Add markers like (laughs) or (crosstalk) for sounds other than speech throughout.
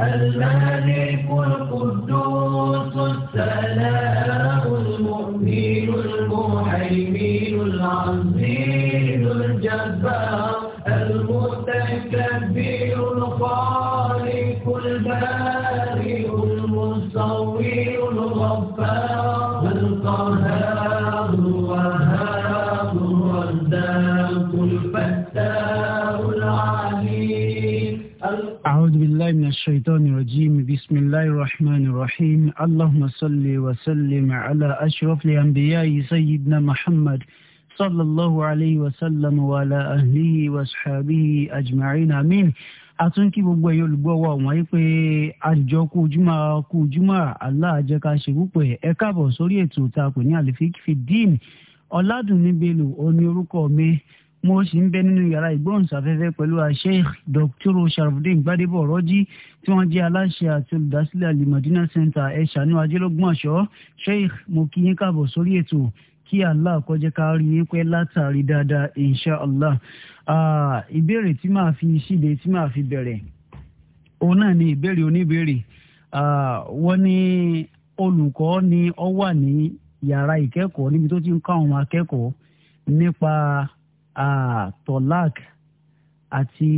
الملك القدوس اللهم صل وسلم على أشرف الأنبياء سيدنا محمد صلى الله عليه وسلم وعلى أهله وأصحابه أجمعين آمين atún kí gbogbo ẹ̀yin olùgbọ́wọ́ wọn yìí pé àjọ kú ojúmọ́ kú ojúmọ́ aláàjẹká ṣe púpọ̀ ẹ káàbọ̀ sórí ètò ìtakùn ní àlìfíkì fìdíìnì ọ̀làdùnní bello òní orúkọ mi mo sì ń bẹ nínú yàrá ìgbóhùnsáfẹ́fẹ́ pẹ̀lú Sheikh Dr. sharafdin gbadebo ọ̀rọ́jì tí wọ́n jẹ́ aláṣẹ àti olùdásílẹ̀ alimadina center ẹ̀ṣánú ajẹ́lógún sheikh mo kí yín káàbọ̀ sórí ètò kí allah kó jẹ́ ká rí yín pẹ́ látàrí dáadáa insha allah ìbéèrè tí màá fi síde tí màá fi bẹ̀rẹ̀ òun náà ni ìbéèrè oníbéèrè wọ́n ní olùkọ́ ni ó wà ní yàrá ìkẹ́kọ̀ọ́ níbi tó ti ń kọ́ tọ́lák àti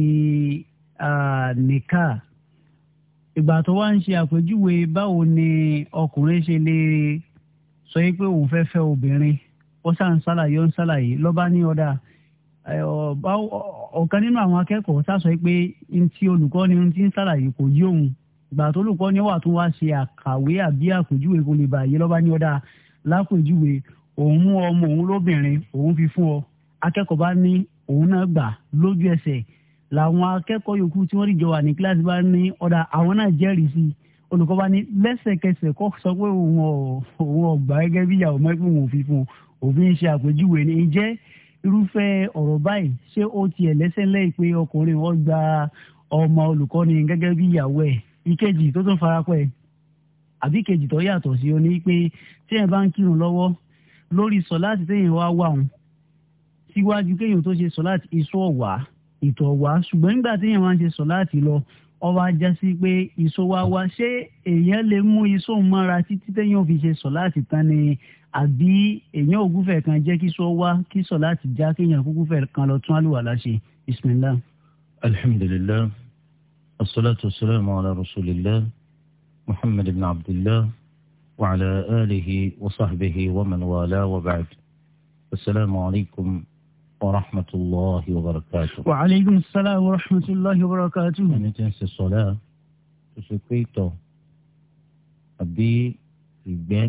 nìkà ìgbà tó wá ń ṣe àpèjúwe báwo ni ọkùnrin ṣe lè sọ yìí pé òun fẹ́ fẹ́ obìnrin ó sàn ṣàlàyé ó ń ṣàlàyé lọ́ba ní ọ̀dà ọ̀kan nínú àwọn akẹ́kọ̀ọ́ sá pé ntí olùkọ́ ni ntí ń ṣàlàyé kò yí òun ìgbà tó olùkọ́ ni wà tó wá ṣe àkàwé àbí àpèjúwe kò lè bàyè lọ́ba ní ọ̀dà lápèjúwe òun mú ọmọ òun lóbìnrin òun fi fún ọ akẹ́kọ̀ọ́ bá ní òun náà gbà lójú ẹsẹ̀ làwọn akẹ́kọ̀ọ́ yòókù tí wọ́n rí jọ wà ní kíláàsì bá ní ọ̀dà àwọn náà jẹ́rìí sí olùkọ́ bá ní lẹ́sẹ̀kẹsẹ̀ kọ́ sọ pé òun ọ̀gbà gẹ́gẹ́ bí ìyàwó mẹ́fún òun fi fún òfin ṣe àpèjúwe ní jẹ́ irúfẹ́ ọ̀rọ̀ báyìí ṣé ó tiẹ̀ lẹ́sẹ̀ lẹ́yìn pé ọkùnrin wọn gba ọmọ olùkọ́ni gẹ́gẹ́ bí ìyàwó ẹ̀ ìkejì tó tún farapẹ́ àbí ìkejì tó yàtọ̀ sí oní pé tí bá ń kírun lọ́wọ́ lórí sọ láti téèyàn wá wà wọn síwájú kéèyàn tó ṣe sọláàtì iṣọ́ wà ìtọ̀ wà ṣùgbọ́n nígbà tí èèyàn máa ń ṣe sọláàtì lọ ọba já sí pé iṣọ́ wa wá ṣé èèyàn lè mú iṣọ́ mọ́ra títí téèyàn fi ṣe sọláàtì tán ni àbí èèyàn ògúfẹ̀ kan jẹ́ kí iṣọ́ wá kí sọláàtì já kéèyàn kúkúfẹ̀ kan lọ tún àlùwàlá ṣe bismillah. alhamdulillah asalaatu wasalaamu ala rasulillah muhammad ibn abdullah wa ala alihi wa sahbihi wa man wala wa ba'd. asalaamu alaykum. ورحمة الله وبركاته وعليكم السلام ورحمة الله وبركاته أنا تنسى الصلاة تسكيتو أبي ìgbẹ́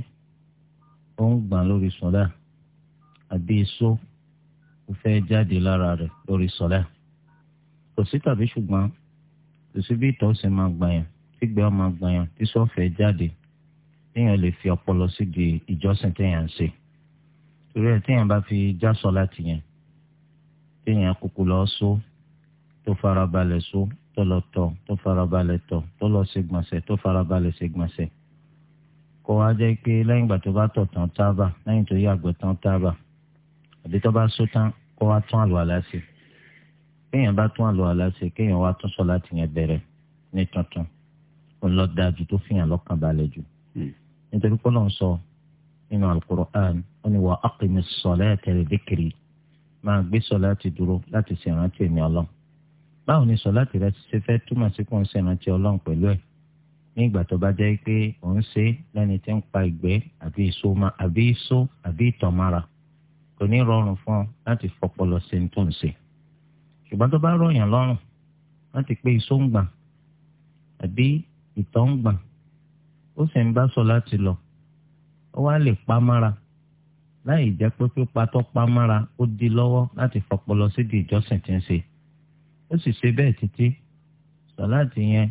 ó ń gbà lórí sọ́lá àbí iṣó ó fẹ́ jáde lára rẹ̀ lórí sọ́lá kò sí tàbí ṣùgbọ́n kò sí bí ìtọ̀ ṣe máa gbàyàn gbígbẹ́ ọ máa gbàyàn tí sọ́ọ̀fẹ́ jáde téèyàn lè fi ọpọlọ síbi ìjọsìn téèyàn ń ṣe torí ẹ̀ téèyàn bá fi já sọ́lá tìyẹn téèyàn kúkú lọ só tó farabalẹ̀ só tó lọ tọ̀ tó farabalẹ̀ tọ̀ tó lọ ṣègbọ̀nsẹ̀ tó farabalẹ̀ ṣègbọ̀nsẹ̀ kó wá jẹ́ pé lẹ́yìn ìgbà tó bá tọ̀ tán tábà lẹ́yìn tó yàgbẹ́ tán tábà àbí tó bá só tán kó wá tún àlùwàlá ṣe kéèyàn bá tún àlùwàlá ṣe kéèyàn wá tún sọ láti yẹn bẹ̀rẹ̀ ní tuntun òun lọ dáa ju tó fìyàn lọ́kàn balẹ̀ jù hmm. nítorí pé lọ́n sọ nínú Al-Qur'an ó ní wa aqimis salata máa gbé sọ láti dúró láti ṣèrántí ẹ̀mí ọlọ́run báwo ni sọ láti rẹ ṣe fẹ́ túmọ̀ sí kó ń ṣèrántí ọlọ́run pẹ̀lú ẹ̀ ní ìgbà tó bá jẹ́ pé òun ṣe lẹ́ni tí ń pa ìgbẹ́ àbí ìṣó àbí ìṣó àbí ìtọ̀mára kò ní rọrùn fún ọ láti fọpọlọ ṣe ń tó ń ṣe ṣùgbọ́n tó bá rọ̀yàn lọ́rùn láti pé ìṣó ń gbà àbí ìtọ̀ ń gbà ó sì ń bá sọ lọ ó wá lè pa mára láì jẹ́ pé pípa tó pa mára ó di lọ́wọ́ láti fọpọlọ sídìí ìjọsìn tí ń ṣe ó sì ṣe bẹ́ẹ̀ títí sọ̀láàtì yẹn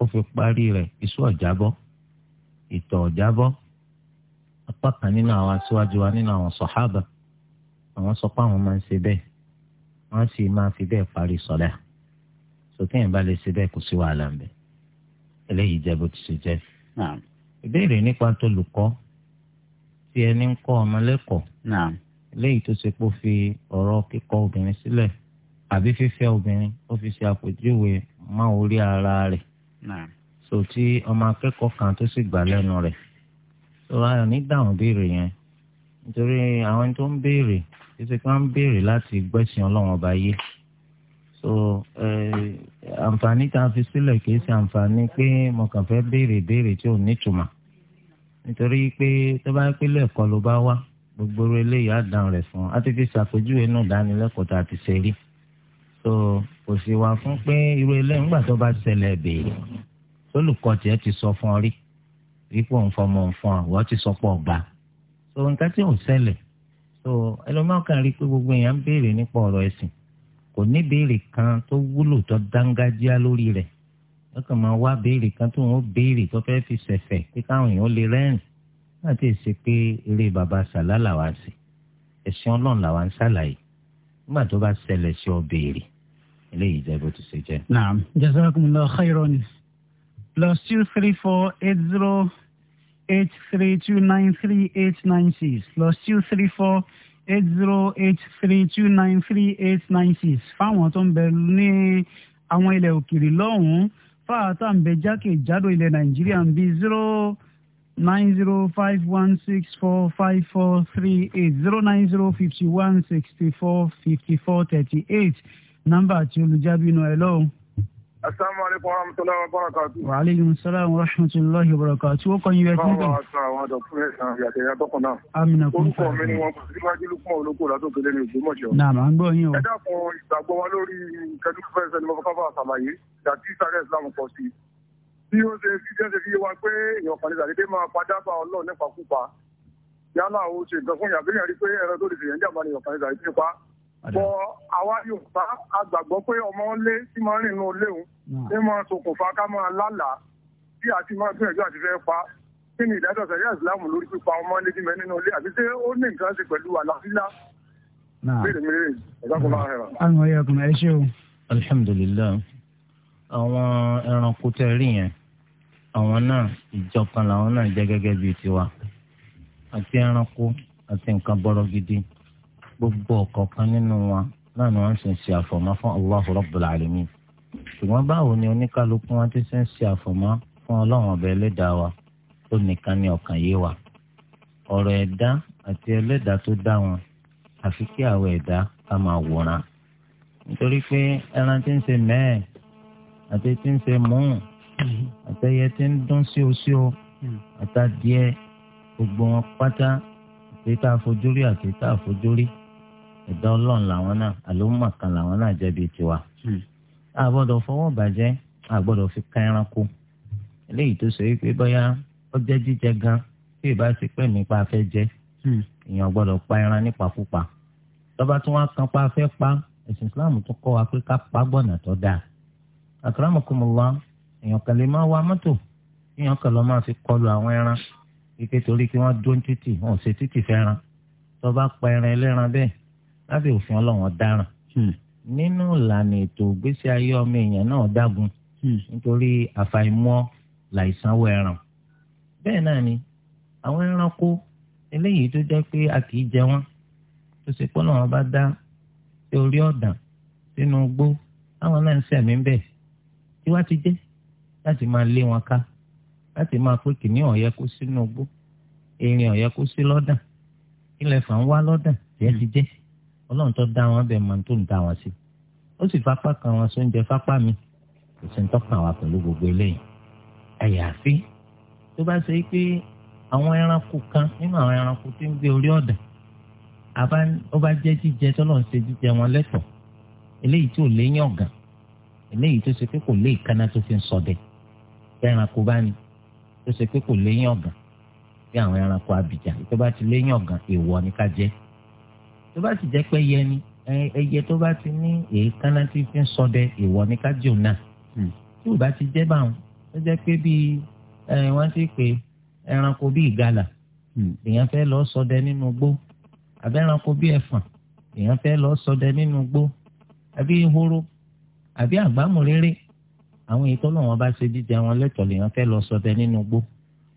ó fi parí rẹ̀ iṣu ọ̀jábọ́ ìtọ̀ ọ̀jábọ́ apá kan nínú àwọn aṣíwájú wa nínú àwọn sọ̀hábà àwọn sọ pé àwọn máa ń ṣe bẹ́ẹ̀ wọ́n sì máa fi bẹ́ẹ̀ parí sọ̀lá sókè yẹn bá lè ṣe bẹ́ẹ̀ kò sí wàhálà ń bẹ̀ eléyìí jẹ́ bó ti ṣe jẹ́ ìbéèrè nípa tó lùkọ́ pé ẹni ń kọ́ ọmọ lẹ́kọ̀ọ́ léyìí tó ṣe pé ó fi ọ̀rọ̀ kíkọ̀ obìnrin sílẹ̀ àbí fífẹ́ obìnrin ó fi ṣe àpèjúwe mọ́ orí ara rẹ̀ so tí ọmọ akẹ́kọ̀ọ́ kan tó sì gbà lẹ́nu rẹ̀ tó ráyọ nígbàwọn béèrè yẹn nítorí àwọn tó ń béèrè títí pé wọ́n ń béèrè láti gbẹ́sìn ọlọ́run ọba yé so àǹfààní tá a fi sílẹ̀ kì í ṣe àǹfààní pé mo kàn fẹ́ béèrè béèrè tí ò nítumọ̀ nítorí pé tó bá ń pínlẹ̀ ẹ̀kọ́ ló bá wá gbogbo eléyìí á dàn rẹ̀ fún á ti fi ṣàpèjúwe náà dánilẹ́kọ̀ọ́ tá a ti ṣe rí so kò sì wá fún pé irú eléyìí ńgbà tó bá ṣẹlẹ̀ béèrè olùkọ́ tiẹ̀ ti sọ fún ọ rí ipò nfọmọ nfọ àwọn ti sọ pọ̀ gbà so nǹkan tí ò ṣẹlẹ̀ so ẹlòmíràn kan rí pé gbogbo èèyàn ń béèrè nípa ọ̀rọ̀ ẹ̀sìn kò ní béèrè kan tó wúlò tó dángájíá lórí rẹ̀ wọ́n kàn máa wá béèrè kan tó wọ́n béèrè tó fẹ́ fi ṣẹ̀fẹ̀ pé káwọn èèyàn lè rẹ́rìn láti ṣe pé eré baba sàlá làwa ṣe ẹ̀sìn ọlọ́run làwa ń ṣàlàyé nígbà tó bá ṣẹlẹ̀ sí ọ béèrè eléyìí jẹ́ bó ti ṣe jẹ́. naam jazakumullahu khairan plus two three four eight zero eight three two nine three eight nine six plus two three four eight zero eight three two nine three eight nine six fáwọn tó ń bẹ ní àwọn ilẹ̀ òkèèrè lọ́hùn-ún fáátà ń bẹ jákèjádò ilẹ̀ nàìjíríà ń bí zero nine zero five one six four five four three eight zero nine zero fifty one sixty four fifty four thirty eight nọ́mbà tí olùjábí nù ẹ lọ́hùn asalaamualeykum wa rahmatulahi wa wa aleykum salaam wa rahmatulahi wa barakatu. o kọni bẹ fún mi. báwo sọ àwọn àdó fún ẹsàn yàtọ̀ yàtọ̀ kan náà. amina kun fún mi. orúkọ mi ni wọn kò síwájú lukuma olóko látó kele ní Ògbómọ̀ṣọ́. naam an gbọ́ yín o. ẹ dákun ìgbàgbọ́ wa lórí kẹ́dùkú fẹsẹ̀ ni mo fọ́n fà sàlàyé dàtí sáré islam pọ̀ sí i. bí ó ṣe fi jẹ́ ṣe fi yé wa pé èèyàn kan ní sàdédé máa padà bá ọlọ́ nípa kúpa yálà ó ṣe nǹkan fún yàgbéyàn rí pé ẹ̀rọ tó lè ṣèyàn jàmbá ni èèyàn kan ní sàdédé pa bọ àwa Yorùbá a gbàgbọ́ pé ọmọ lé tí máa ń rìn nínú ilé òun ní hmm. máa ṣokùnfà ká máa lálàá bí àti máa gbìyànjú àti fẹ́ pa kí ni ìdájọ́ sẹ̀rí ìsìlámù lórí pípa ọmọ lé tí mẹ́ nínú ilé àti ṣé ó ní nǹkan ṣe pẹ̀lú àlàáfíà béèrè mi rèé ìdákùnrin àhẹrà. àwọn ẹyẹ ọkùnrin ẹ ṣé o. alihamudulilayi àwọn ẹranko tẹ rí yẹn àwọn náà ìjọkan làwọn náà jẹ gẹ́gẹ́ bíi tiwa àti ẹranko àti nǹkan bọrọ gidi gbogbo ọ̀kọ̀ọ̀kan nínú wọn náà ni wọ́n sì ń ṣe àfọ̀mọ́ fún Allahu Rabbul Alamin ṣùgbọ́n báwo ni oníkálukú wọn ti ṣe ń ṣe àfọ̀mọ́ fún ọlọ́run ọba ẹlẹ́dàá wa tó nìkan ni ọ̀kan yé wa ọ̀rọ̀ ẹ̀dá àti ẹlẹ́dàá tó dá wọn àfi kí àwọn ẹ̀dá ká máa wòran nítorí pé ẹran tí ń ṣe mẹ́ẹ̀ àti tí ń ṣe mùún àtẹyẹ tí ń dún síosío àtàdìẹ gbogbo wọn pátá àti tá a fojú rí àti tá a fojú rí ẹ̀dá ọlọ́run làwọn náà àlómà kan làwọn náà jẹ́ bíi tiwa. Hmm. a gbọ́dọ̀ fọwọ́ bàjẹ́ a gbọ́dọ̀ fi ká ẹranko eléyìí tó sọ yìí pé bóyá ó jẹ́ jíjẹ gan tí ìbá ti pẹ́ nípa afẹ́ jẹ́ hmm. èèyàn gbọ́dọ̀ pa ẹran nípakúpa lọ́ba tí wọ́n kan pa afẹ́ pa ẹ̀sìn Islam tó kọ́ wa pé ká pa gbọ̀nà tó dáa àkàràmọ̀kùnmọ̀lá èèyàn kan lè máa wa mọ́tò èèyàn kan lọ́ máa fi kọlu àwọn ẹran wípé torí kí wọ́n dó títì wọn ò ṣe lábẹ́ òfin ọlọ́run ọ̀daràn hmm. nínú ìlànà ètò ìgbésí ayé ọmọ èèyàn náà dágun hmm. nítorí àfàìmọ̀ làìsanwó ẹran bẹ́ẹ̀ náà ni àwọn ẹranko eléyìí tó jẹ́ pé a kì í jẹ wọ́n tó ṣe pé ọlọ́run bá dá orí ọ̀dàn sínú igbó táwọn náà ń sẹ̀mí ń bẹ̀ tí wá ti jẹ́ láti máa lé wọn ká láti máa pé kìnìún ọ̀yẹ́ kó sínú igbó erin ọ̀yẹ́ kó sí lọ́dàn ilẹ̀ fà ń wá lọ́dàn tí ẹ ti jẹ́. ọlọ́run tó dá wọn bẹ̀ mọ́ tó ń dá wọn sí ó sì fapá kan wọn sóúnjẹ fapá mi kò sí ń tọ́kàn wa pẹ̀lú gbogbo eléyìí àyàfi tó bá ṣe pé àwọn ẹranko kan nínú àwọn ẹranko tí ń gbé orí ọ̀dà ó bá jẹ́ jíjẹ tọ́lọ́run ṣe jíjẹ wọn lẹ́tọ̀ọ́ eléyìí tí ò léyìn ọ̀gàn eléyìí tó ṣe pé kò lé ìkànnà tó fi ń ṣọdẹ ẹranko bá ní tó ṣe pé kò léyìn ọ̀gàn bí àwọn ẹranko abìjà tó bá ti léyìn ọ̀gàn èèwọ̀ ni ká jẹ́ tó bá sì jẹ́ pé ẹyẹ ni ẹyẹ tó bá ti ní èékánná tí fi ń ṣọdẹ ìwọ ní kájọ náà hmm. tí ò bá ti jẹ́ báwọn ó jẹ́ pé bíi wọ́n ti pè ẹranko bíi ìgalà hmm. èèyàn fẹ́ lọ ṣọdẹ nínú gbó àbẹ́ ẹranko bíi ẹ̀fọ̀n èèyàn fẹ́ lọ ṣọdẹ nínú gbó àbí ehoro àbí àgbámúréré àwọn èyí tó lọ́wọ́ bá ṣe jíjẹ wọn lẹ́tọ̀ọ́ lèèyàn fẹ́ lọ ṣọdẹ nínú gbó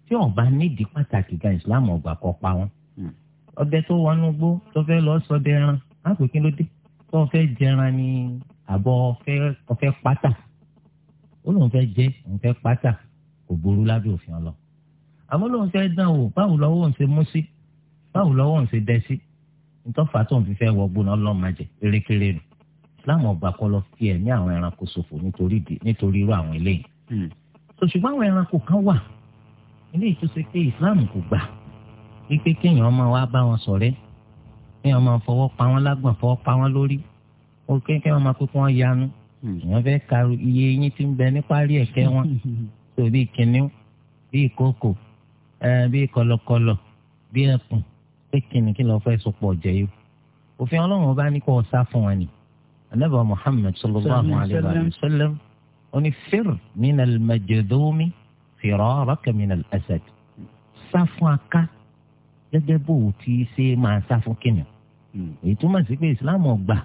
tí ó bá nídìí pàtàkì gan Islam ò gbà pa wọn hmm ọbẹ̀ tó wọnú gbó tó fẹ́ lọ sọdẹ ẹran á pè kí ló dé tó fẹ́ jẹran ni àbọ̀ ọfẹ́ pátá ó lóun fẹ́ jẹ òun fẹ́ pátá kò burú lábẹ́ òfin ọlọ àmọ́ lóun fẹ́ dán o báwo lọ́wọ́ òun ṣe mú sí báwo lọ́wọ́ òun ṣe dẹ sí ntọ́fà tó ń fi fẹ́ wọgbó náà lọ́ọ́ máa jẹ erékeré nù islam ọba kọ́ lọ fi ẹ̀mí àwọn ẹranko ṣòfò nítorí irú àwọn eléyìí hmm. ṣùgbọ́n àwọn ẹranko kan wà ilé ìtúnṣe pé islam kò gbà wípé kéèyàn máa wá bá wọn ṣọ̀rẹ́ kéèyàn máa fọwọ́ pa wọn lágbọ̀n fọwọ́ pa wọn lórí ó kéèyàn máa pé kí wọ́n yanu hmm. èèyàn fẹ́ ka iye eyín tí ń bẹ ní parí ẹ̀kẹ́ wọn tó (laughs) bíi kìnìún bíi kókò bíi kọlọkọlọ bíi ẹkùn pé kìnìún kí lọ́ọ́ fẹ́ sopọ̀ jẹ́ yìí òfin ọlọ́run bá ní kó o sá fún wọn ni anábà Muhammad sallallahu alayhi wa sallam oní fir minal majadumi firaraka minal asad sá fún aká gẹ́gẹ́ bó o ti ṣe máa sá fún kìnìún. Hmm. èyí túmọ̀ sí pé islam ọgbà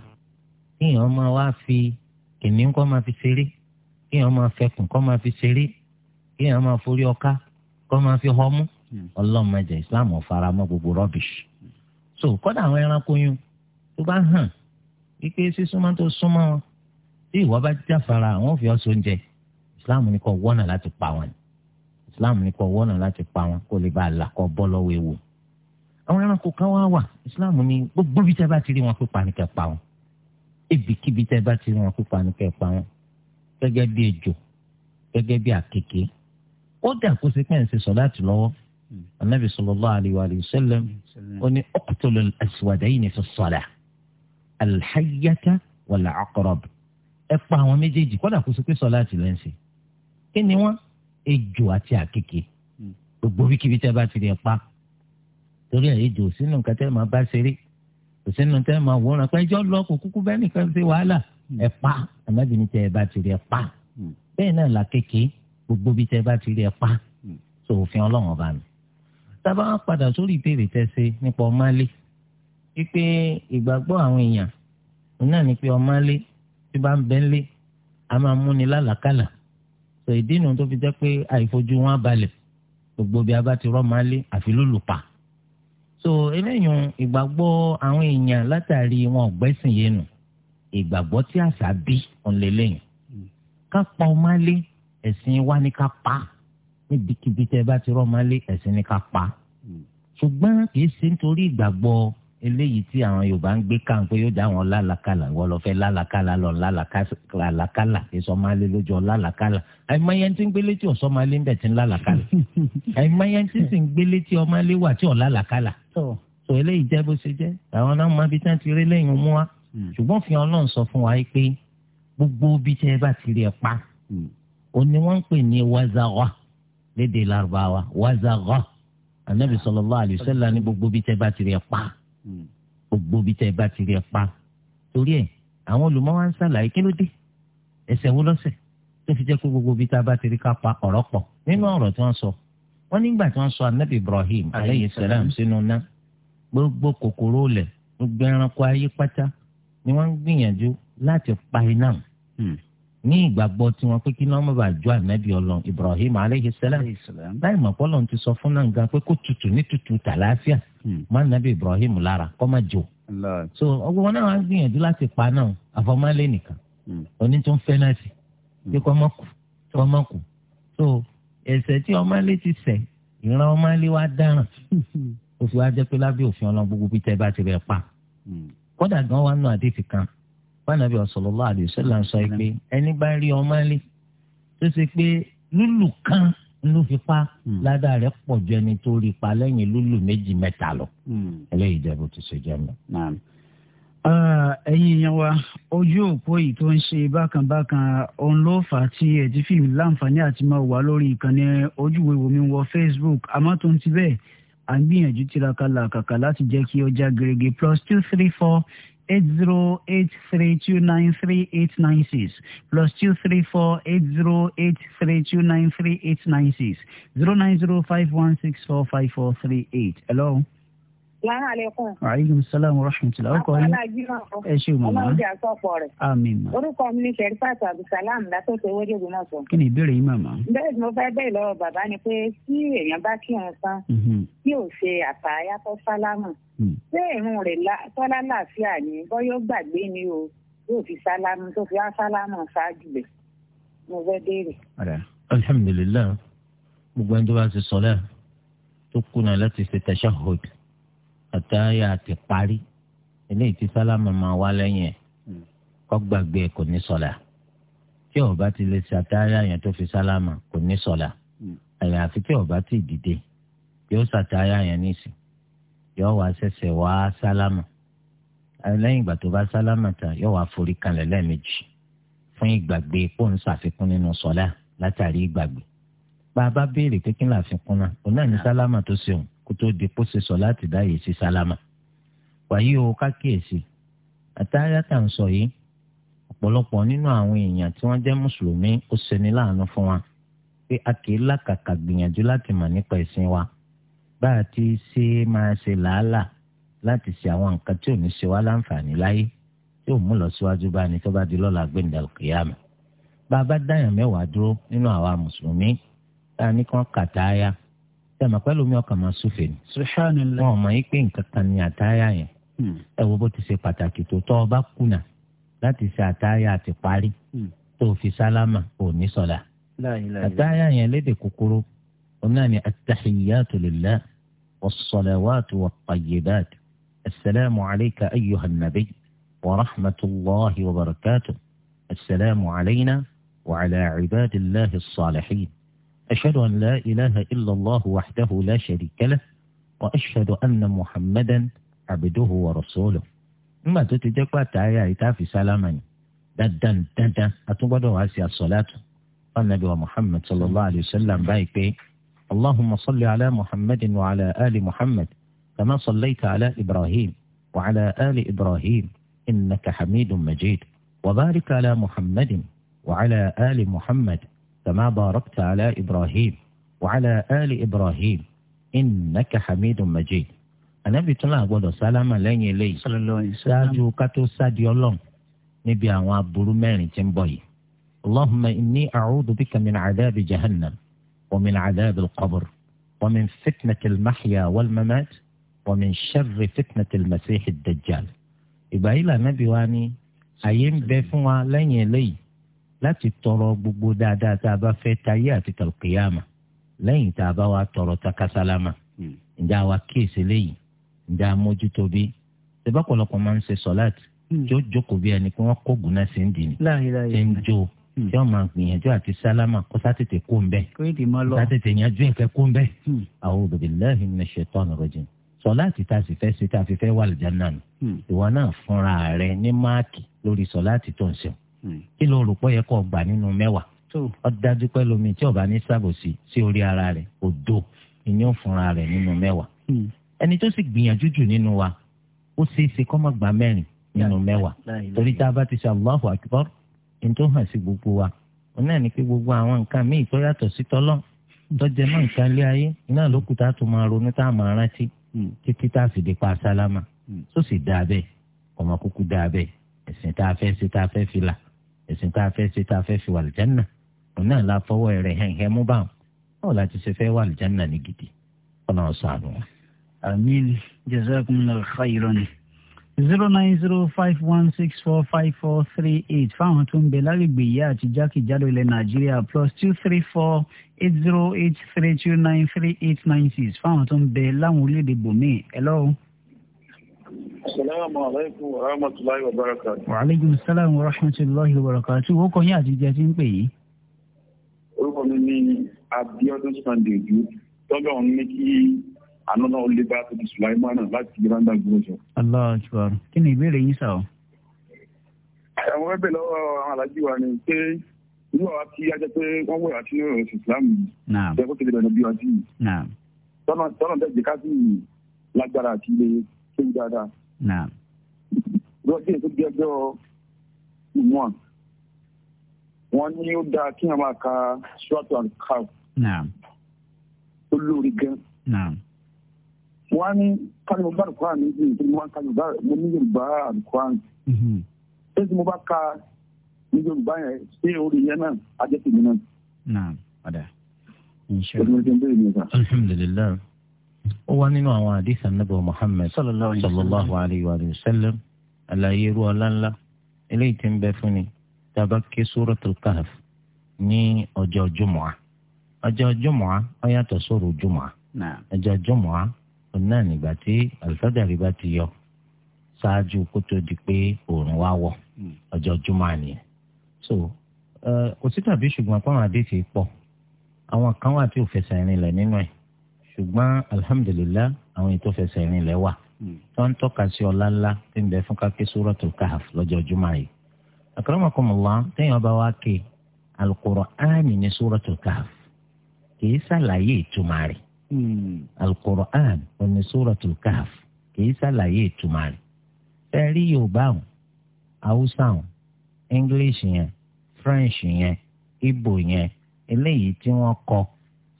kéèyàn máa wá fi kìnìún kọ́ máa fi ṣeré kéèyàn máa fẹkùn kọ́ máa fi ṣeré kéèyàn máa forí ọká kọ́ máa fi họ́mú hmm. ọlọ́mọdé islam ọ̀fara mọ́ gbogbo rubbish. Hmm. so kọ́dà àwọn ẹranko yun tó bá hàn wípé sísúnmọ́ tó súnmọ́ wọn tí ìwọ bá jáfara àwọn ò fi ọ́ sóúnjẹ islam ní kò wọ́nà láti pa wọn islam ní kò wọ́nà láti pa wọn kó lè bá a là bọ́ lọ́wọ́ ewu àwọn ẹranko kan wá wà islam ní gbogbo bí tẹ́ bá ti rí wọn pípa ní kẹ́ pa wọn ebìkíbi tẹ́ bá ti rí wọn pípa ní kẹ́ pa wọn gẹ́gẹ́ bí ejò gẹ́gẹ́ bí àkekè ó dà kó sí pé ń ṣe sọ̀láàtì lọ́wọ́ anabi sallallahu alayhi wa sallam ó ní uqtulul aswadayni fi salah alhayyata wal aqrab ẹ pa àwọn méjèèjì kódà kó sí pé sọ̀láàtì lẹ́ ń kí ni wọ́n ejò àti àkekè gbogbo bíkíbi tẹ́ bá ti rí ẹ pa torí ẹ̀ ejò sínú nǹkan tẹ́ máa bá ṣeré kò sínú tẹ́ máa wòran pé ẹjọ́ lọ kò kúkú bẹ́ẹ̀ nìkan ṣe wàhálà hmm. ẹ pa ànábì ní tẹ́ ẹ bá ti rí ẹ pa hmm. bẹ́ẹ̀ náà là kéèké gbogbo bí tẹ́ ẹ bá ti rí ẹ pa hmm. so òfin ọlọ́run ọba mi. sábà wọn padà sórí ìbéèrè tẹ́ ṣe nípa ọmọlé wípé ìgbàgbọ́ àwọn èèyàn náà ni pé ọmọlé tí bá ń bẹ́ńlé a máa múni lálàkàlà sọ ìdí nu tó fi jẹ́ pé àìfojú wọn balẹ̀ gbogbo bí a bá ti rọ́ ọmọlé àfi lólùpàá so eléyìí ìgbàgbọ́ àwọn èèyàn látàrí wọn ọ̀gbẹ́sìn yẹn nù ìgbàgbọ́ tí àṣà bí ọ̀nlẹ́lẹ́yìn ká pa ọmọ alẹ́ ẹ̀sìn wa ni ká pa níbikíbi tẹ́ bá ti rọ́ ọmọ alẹ́ ẹ̀sìn ni ká pa ṣùgbọ́n kìí ṣe nítorí ìgbàgbọ́ eléyìí tí àwọn yorùbá ń gbé kàn pé yóò dá àwọn lálàkàlà wọ́n lọ fẹ́ lálàkàlà lọ lálàkàlà ìsọmọlé lójú lálàkàlà àìmọye tí ń gbélé tí ọ̀sọ́mọlé ń bẹ̀ tí ń lálàkàlà (laughs) àìmọye tí sì ń gbélé tí ọmọlé wà tí ọ̀ lálàkàlà tó tó eléyìí jẹ́ bó ṣe jẹ́ àwọn náà máa bí tán ti rí lẹ́yìn mú wa hmm. ṣùgbọ́n fi hàn náà sọ fún wa pé gbogbo bí tẹ́ ẹ bá ti rí ẹ pa òní hmm. wọ́n ń pè ní wazagha lédè Lárúbáwá wazagha anabi sallallahu alaihi wasallam ní gbogbo bí tẹ́ ẹ bá ti rí ẹ pa hmm. gbogbo bí tẹ́ ẹ bá ti rí ẹ pa torí ẹ àwọn olùmọ̀ wa ń ṣàlàyé kí ló dé ẹ̀ṣẹ̀ wo lọ́ṣẹ̀ tó fi jẹ́ pé gbogbo bí tá bá ti rí ká pa ọ̀rọ̀ pọ̀ nínú ọ̀rọ̀ tí wọ́n sọ wọ́n nígbà tí wọ́n sọ anabi ibrahim aleyhi salam sínú ná gbogbo kòkòrò lẹ̀ gbogbo ẹranko ayé pátá ni wọ́n ń gbìyànjú láti pa iná hmm. ní ìgbàgbọ́ tí wọ́n pé kí náà má bàa jó ànábì ibrahim aleyhi salam láì mọ̀ pọ́lọ́ ti sọ fún náà gan pé kó tutù ní tutù tàlàáfíà hmm. má ànábì ibrahim lára kó má jó so ọgbọ́n náà wọ́n á gbìyànjú láti pa náà àfọmọ́lé nìkan hmm. oní tó ń fẹ́ náà sí pé kó má kú kó so ẹ̀ṣẹ̀ tí ọmọlé ti ṣẹ̀ ìran ọmọlé wa dáràn (laughs) ó fi wá jẹ́ pé lábẹ́ òfin ọlọ́run gbogbo bí tẹ́ bá ti rẹ̀ pa hmm. kódà gan wa nù àdéhì kan fanabi sallallahu alaihi wasallam sọ hmm. pé ẹni bá rí ọmọlé tó ṣe pé lúlù kan ló fi pa hmm. ládàá rẹ̀ pọ̀ ju ẹni tó rí pa lẹ́yìn lúlù méjì mẹ́ta lọ ẹlẹ́yìí jẹ́ ti ṣe jẹ́ mi. Ah, ẹ̀yin èèyàn wa ojú òpó yìí tó ń ṣe bákanbákan òun ló fà á tí ẹ̀ ti fi láǹfààní àti máa wà lórí ìkànnì ojúwèwò mi wọ Facebook àmọ́ tó ń ti bẹ́ẹ̀ à ń gbìyànjú tiraka làkàkà láti jẹ́ kí ọjà gèrègè plus two three four eight zero eight three two nine three eight nine six plus two three four eight zero eight three two nine three eight nine six zero nine zero five one six four five four three eight hello. Láhàlẹ́kùn. Aleykum salaam wa rahmatulah. Ọkọ yín. Ẹ ṣe mọ̀ máa. Ọlọ́dẹ àsọpọ̀ rẹ̀. Àmín ma. Orúkọ mi ni Sherifat Abdulsalam látọ̀tọ̀ owó dé Ògbómọ̀ṣọ́. Kí ni ìbéèrè yín màmá? Bẹ́ẹ̀ ni mo fẹ́ bẹ́ẹ̀ lọ́wọ́ bàbá ni pé tí èèyàn bá kí wọn san, mm-hmm. tí ò ṣe àtàyàtọ̀ sálámù. Mm. Ṣé ìrun rẹ̀ tọ́lá láàfíà ni bọ́yọ́ gbàgbé ni o yóò fi sálámù tó fi sálámù ṣáájú rẹ̀. Mo fẹ́ béèrè. Alhamdulilayi, gbogbo ẹni tó bá ti sọ àtàyà àti parí eléyìí tí sálámà máa wá lẹ́yìn ẹ̀ hmm. kó gbàgbé ẹ̀ kò ní sọ̀lá tí ó bá ti lè ṣe àtàyà yẹn tó fi sálámà kò ní sọ̀lá hmm. àyàfi tí ó bá ti dìde yóò ṣàtàyà yẹn nísì yóò wá ṣẹ̀ṣẹ̀ wá sálámà lẹ́yìn ìgbà tó bá sálámà tán yóò wá forí kanlẹ̀ lẹ́ẹ̀mejì fún ìgbàgbé kó ń ṣàfikún nínú sọ̀lá látàrí ìgbàgbé bá béèrè pé kí n láfikún náà òun náà ní sálámà tó ṣe kó tó di kó ṣe sọ láti dáyè sí sálámà wàyí o kákíyèsí àtàyàtà ń sọ yìí ọ̀pọ̀lọpọ̀ nínú àwọn èèyàn tí wọ́n jẹ́ mùsùlùmí ó ṣeni láàánú fún wa pé a kì í làkàkà gbìyànjú láti mọ̀ nípa ìsìn wa bá a ti ṣe máa ṣe làálàá láti ṣe àwọn nǹkan tí ò ní ṣe wá láǹfààní láyé tí ò mú lọ síwájú bá ní tó bá di lọ́la gbẹ̀ndàlù kìyàmù bá a bá dáyàn mẹ́wàá dúró nínú àwa mùsùlùmí tá a ní kàn kàtáyà tẹmọ pẹ̀lú mi ọkàn máa súfè ni. subhanallah. wọn ò mọ ipe nǹkan kan ní àtáyà yẹn. ẹ wo bó ti ṣe pàtàkì tó tọ́ ọ bá kùnà láti ṣe àtáyà àti parí tó fi sálámà ò ní sọ̀dà. àtáyà yẹn lédè kúkúrú onáà ni àtàhìyà tó lè lẹ́ assalamu alayka wà nabiy wa rahmatullahi wa barakatuh assalamu alayna wa ala ibadillahi as-salihin. أشهد أن لا إله إلا الله وحده لا شريك له وأشهد أن محمدا عبده ورسوله ما تتجك وتعي عيتا في سلاما ددا ددا أتبدو واسي الصلاة النبي محمد صلى الله عليه وسلم بايك اللهم صل على محمد وعلى آل محمد كما صليت على إبراهيم وعلى آل إبراهيم إنك حميد مجيد وبارك على محمد وعلى آل محمد كما باركت على إبراهيم وعلى آل إبراهيم إنك حميد مجيد أنا بيتنا أقول سلام لين لي ساجو كتو ساجو لون نبي أنا اللهم إني أعوذ بك من عذاب جهنم ومن عذاب القبر ومن فتنة المحيا والممات ومن شر فتنة المسيح الدجال إبا إلى نبي واني أين بيفوا لين يلي láti tọrọ gbogbo dáadáa tá a bá fẹ́ tayé àti kàlùkìyàmà lẹ́yìn tá a bá wa tọrọ takasálámà hmm. ǹjẹ́ àwa kíyèsí léyìí ǹjẹ́ àmójútó bí ṣẹ́bàpọ̀lọpọ̀ máa ń ṣe sọ́láàtì hmm. tó jókòó bí ẹni pé wọ́n kó gùnà sí ń dì ní ṣe ń jó hmm. tí wọ́n máa gbìyànjú àti sálámà kó sátètè kó ń bẹ́ sátètè yanjú ẹ̀kẹ́ kó ń bẹ́ a'udhu billahi minash shaitanir rajim sọláàtì tá a sì fẹ́ ṣe tá a fi fẹ́ wà lìjánà nù ìwọ náà fúnra rẹ ní máàkì lórí sọláàtì tó ń ṣeun Hmm. kí ló rò pé yẹ kó gbà nínú mẹ́wàá ó dájú pé lomi tí ọba ní sàbòsí sí orí ara rẹ̀ òdo ìyẹn fúnra rẹ̀ nínú mẹ́wàá hmm. ẹni tó sì gbìyànjú jù nínú wa ó ṣeé ṣe kó má gba mẹ́rin nínú mẹ́wàá torí tá a bá ti ṣe Allahu Akbar ní tó hàn sí gbogbo wa òun náà ní pé gbogbo àwọn nǹkan míì tó yàtọ̀ sí tọ́lọ́ tọ́jẹ́ náà nǹkan lé ayé iná lókùtà tó máa ronú tá a máa rántí hmm. títí tá a sì di pa sálámà tó sì dáa bẹ́ẹ̀ ọmọ kúkú dáa bẹ́ẹ̀ ẹ̀sìn tá a fẹ́ ṣe tá a fẹ́ fi là ẹ̀sìn tá a fẹ́ ṣe tá a fẹ́ fi wà lìjánà òun náà la fọwọ́ rẹ̀ hẹ̀hẹ̀ mú bá wọn báwo la ti ṣe fẹ́ wà lìjánà ní gidi ọ̀nà ọ̀sán àná. amin jazakumullahu khairan zero nine zero five one six four five four three eight fáwọn tó ń bẹ lágbègbè ìyá àti jákèjádò ilẹ̀ nàìjíríà plus two three four eight zero eight three two nine three eight nine six fáwọn tó ń bẹ láwọn orílẹ̀-èdè bòmíì hello. Assalamu alaikum wa rahmatullahi wa barakatuh. Wa alaikum salam wa rahmatullahi wa barakatuh. Wọ́n kọ́ yín àti ìjẹ́ tí ń pè yìí. Orúkọ mi ní Abíọ́dún Sunday Ojú, tọ́jú àwọn ní kí àná náà lè bá tóbi Sùláìmánà láti Gírándà Gbọ́jọ. Allahu Akbar. Kí ni ìbéèrè yín sà ọ́? Àwọn ẹgbẹ́ lọ́wọ́ àwọn alájí wa ni pé irú àwa tí a jẹ́ pé wọ́n wọ̀ àti nínú ẹ̀sìn Ìsìlámù yìí. Ṣé kó kéde lọ́nà bí ọtí yìí? Tọ́nà tẹ́jì ká sí lágbára ṣe ń dáadáa. lọ́sẹ̀ tó jẹ́jọ́ ìwọ̀n wọ́n ní ó dáa kí wọ́n máa ka short and cow. ó lórí gan. wọ́n ní kálíwò bá àlùkò àmì ìdí ìdí wọn kálíwò bá mo ní yorùbá àlùkò àmì. Mm-hmm. ṣé tí mo bá ka ní yorùbá yẹn ṣé orí yẹn náà á tèmi náà. naam padà. alhamdulilayi. ó wá nínú àwọn àdìsá nàbọ sallallahu alayhi wa sallam àlàyé irú ọlá eléyìí tí ń bẹ fún ni tàbá ké suratul Kahf ní ọjọ́ jùmọ̀á ọjọ́ jùmọ̀á ó yàtọ̀ sóru jùmọ̀á ọjọ́ jùmọ̀á ó náà nígbà tí alifájàre bá ti yọ ṣáájú kó tó di pé oòrùn wá wọ̀ hmm. nìyẹn so sí tàbí àdìsí àwọn kan wà tí ò fẹsẹ̀ nínú ẹ̀ ṣùgbọ́n alhamdulillah àwọn ètò fẹsẹ̀ rìn lẹ́wà hmm. tó ń tọ́ka sí ọlá ńlá tí ń bẹ fún káké suratul kahf lọ́jọ́ jùmọ̀ yìí. akramakumullah téèyàn bá wá ké al-Qur'ani ní suratul kahf kìí ṣàlàyé ìtumọ̀ rẹ̀ hmm. al-Qur'an ní suratul kahf kìí ṣàlàyé ìtumọ̀ rẹ̀ fẹ́ẹ́rí yorùbá àwọn haúsá àwọn english yẹn french yẹn ibo yẹn eléyìí tí wọ́n kọ́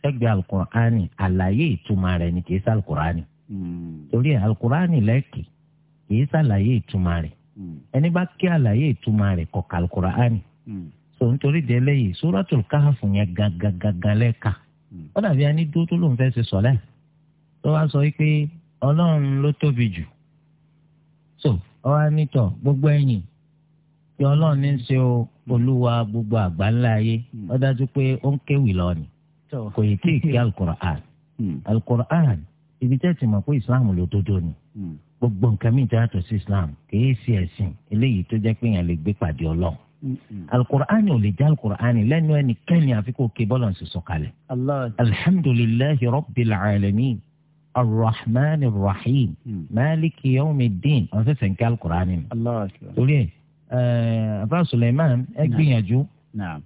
ẹgbẹ́ alukur'ani àlàyé ìtumọ̀ rẹ̀ ni kìí sá alukur'ani. Hmm. torí ẹ̀ alukur'ani lẹ́ẹ̀kì kìí sàlàyé ìtumọ̀ rẹ̀ hmm. ẹni bá kí àlàyé ìtumọ̀ rẹ̀ kọ̀ ká alukur'ani. Hmm. so nítorí délé yìí suratul káhàfù yẹn gangan lẹ́ẹ̀ka ó dàbí ẹni dúró tó lóun fẹ́ ṣe sọ̀lẹ́ tó wá sọ pé ọlọ́run ló tóbi jù so ọwọ́ nítọ̀ gbogbo ẹ̀yìn tí ọlọ́run ní í ṣe olúwa gbogbo àgbáńlá ayé ó dájú pé ó ń kéwì lọ ni. kò yìí tí ì kí alukur'an hmm. alukur'an ibi tẹ́ ti mọ̀ pé islam ló dodo ni hmm. gbogbo nǹkan mi ti yàtọ̀ sí islam kìí ṣe ẹ̀sìn eléyìí tó jẹ́ pé yẹn lè gbé pàdé ọlọ́run hmm, alukur'an ò lè jẹ́ alukur'an lẹ́nu ẹnikẹ́ni àfi kò ké bọ́lá ń sọ kalẹ̀ alhamdulilayi rabbil alamin arrahman arrahim maliki yawmi din ọ̀n sẹ̀sẹ̀ ń kí alukur'an ni torí ẹ̀ eh, afa suleiman ẹ gbìyànjú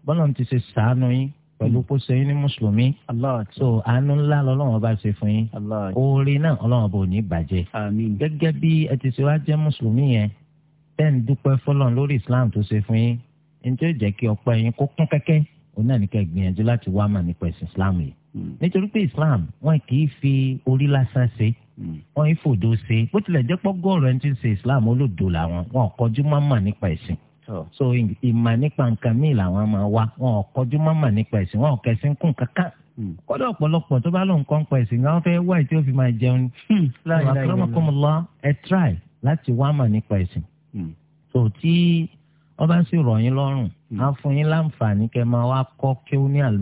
bọ́lá ń ti ṣe sànú yín pẹ̀lú hmm. kó sẹ́yìn ní mùsùlùmí so àánú ńlá lọ́lọ́wọ́n bá ṣe fún yín oore náà ọlọ́wọ́n bò ní bàjẹ́ gẹ́gẹ́ bí ẹ ti ṣe wá jẹ́ mùsùlùmí yẹn tẹ́ ń dúpẹ́ fọlọ́n lórí islam tó ṣe fún yín ní tí ó jẹ́ kí ọ̀pọ̀ ẹ̀yin kó kún kẹ́kẹ́ òun náà ní ká gbìyànjú láti wá mà nípa ẹ̀sìn islam yìí hmm. nítorí pé islam wọn kì í fi orí lásán ṣe hmm. wọn ìfòdó ṣe bó tilẹ̀ jẹ́ pọ́gọ́rọ̀ ẹni tí ń ṣe islam olódo làwọn wọn kọjú má mà nípa ẹ̀sìn so ìmọ̀ nípa nǹkan míì làwọn máa wá wọn ò kọjú mọ́mọ́ nípa ẹ̀sìn wọn ò kẹsìn kún kankan hmm. kọ́dọ̀ ọ̀pọ̀lọpọ̀ tó bá lóun kọ́ ń pa ẹ̀sìn káwọn fẹ́ wá ìtí ó fi máa jẹun àkọ́mọkọ́mọlọ hmm. ẹ tíráì láti wá mọ̀ nípa ẹ̀sìn hmm. so tí wọ́n bá sì rọ̀ yín lọ́rùn á fún yín láǹfààní kẹ́ máa wá kọ́ kéwú ní al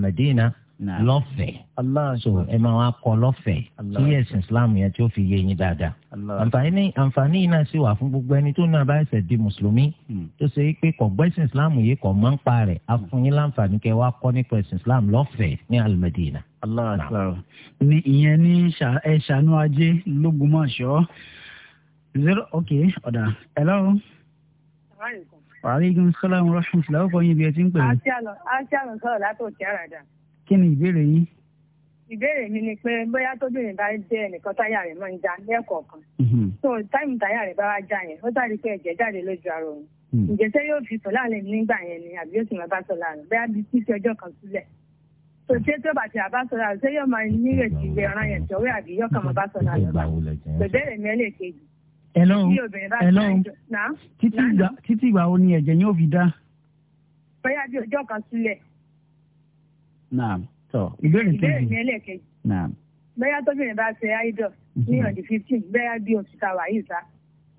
lọ́fẹ̀ẹ́ so ẹ máa wá kọ́ lọ́fẹ̀ẹ́ tí ẹ̀sìn islam yẹn tí ó fi yé yín dáadáa àǹfààní àǹfààní yìí náà sì wà fún gbogbo ẹni tó náà bá ẹsẹ̀ di mùsùlùmí hmm. tó ṣe pé kò gbẹ́sìn islam yìí kò máa ń pa rẹ̀ á fún yín láǹfààní kẹ́ wá kọ́ nípa ẹ̀sìn islam lọ́fẹ̀ẹ́ ní alimẹ̀dínà. ní ìyẹn ní ẹ̀ṣánú ajé lógúnmọ̀ṣọ́ zero ok ọ̀dà hello. wàhálà ìgbìmọ̀ sọ́lá ń rọ́ṣùn fúlàwọ́ kọ́ yín bí ẹ ti ń pè é. àti àlọ́ sọ̀rọ̀ látòkè kí ni ìbéèrè yín. ìbéèrè mi ni pé bóyá tóbìnrin bá jẹ́ ẹnìkan táyà rẹ̀ máa ń já lẹ́ẹ̀kọ̀ọ̀kan mhm. so táìmù táyà rẹ̀ bá wá já yẹn ó dàbí pé ẹ̀jẹ̀ jáde lójú ara òun mhm. ǹjẹ́ sẹ́ yóò fi sọ láàrin nígbà yẹn ni àbí yóò sì máa bá sọ láàrin bóyá bí títí ọjọ́ kan sílẹ̀ tó ṣe tó bá ti àbá sọ láàrin sẹ́ yóò máa nírètí ìwé ọ̀ràn yẹn tọ́wé àbí yóò kàn máa bá sọ láàrin bẹ̀bẹ̀rẹ̀ mi ẹlẹ́ẹ̀kejì. ẹ̀lọ́ ẹ̀lọ́ títí ìgbà wo ni ẹ̀jẹ̀ yóò fi dá. bóyá bí ọjọ́ kan sílẹ̀ naam tọ ìbéèrè kejì ìbéèrè ní ẹlẹ́ẹ̀kejì naam bẹ́ẹ̀ tó bìnrin bá ṣe idol mhm. ní ọ̀dì fifteen bẹ́ẹ̀ bí oṣù ta wà yìí sá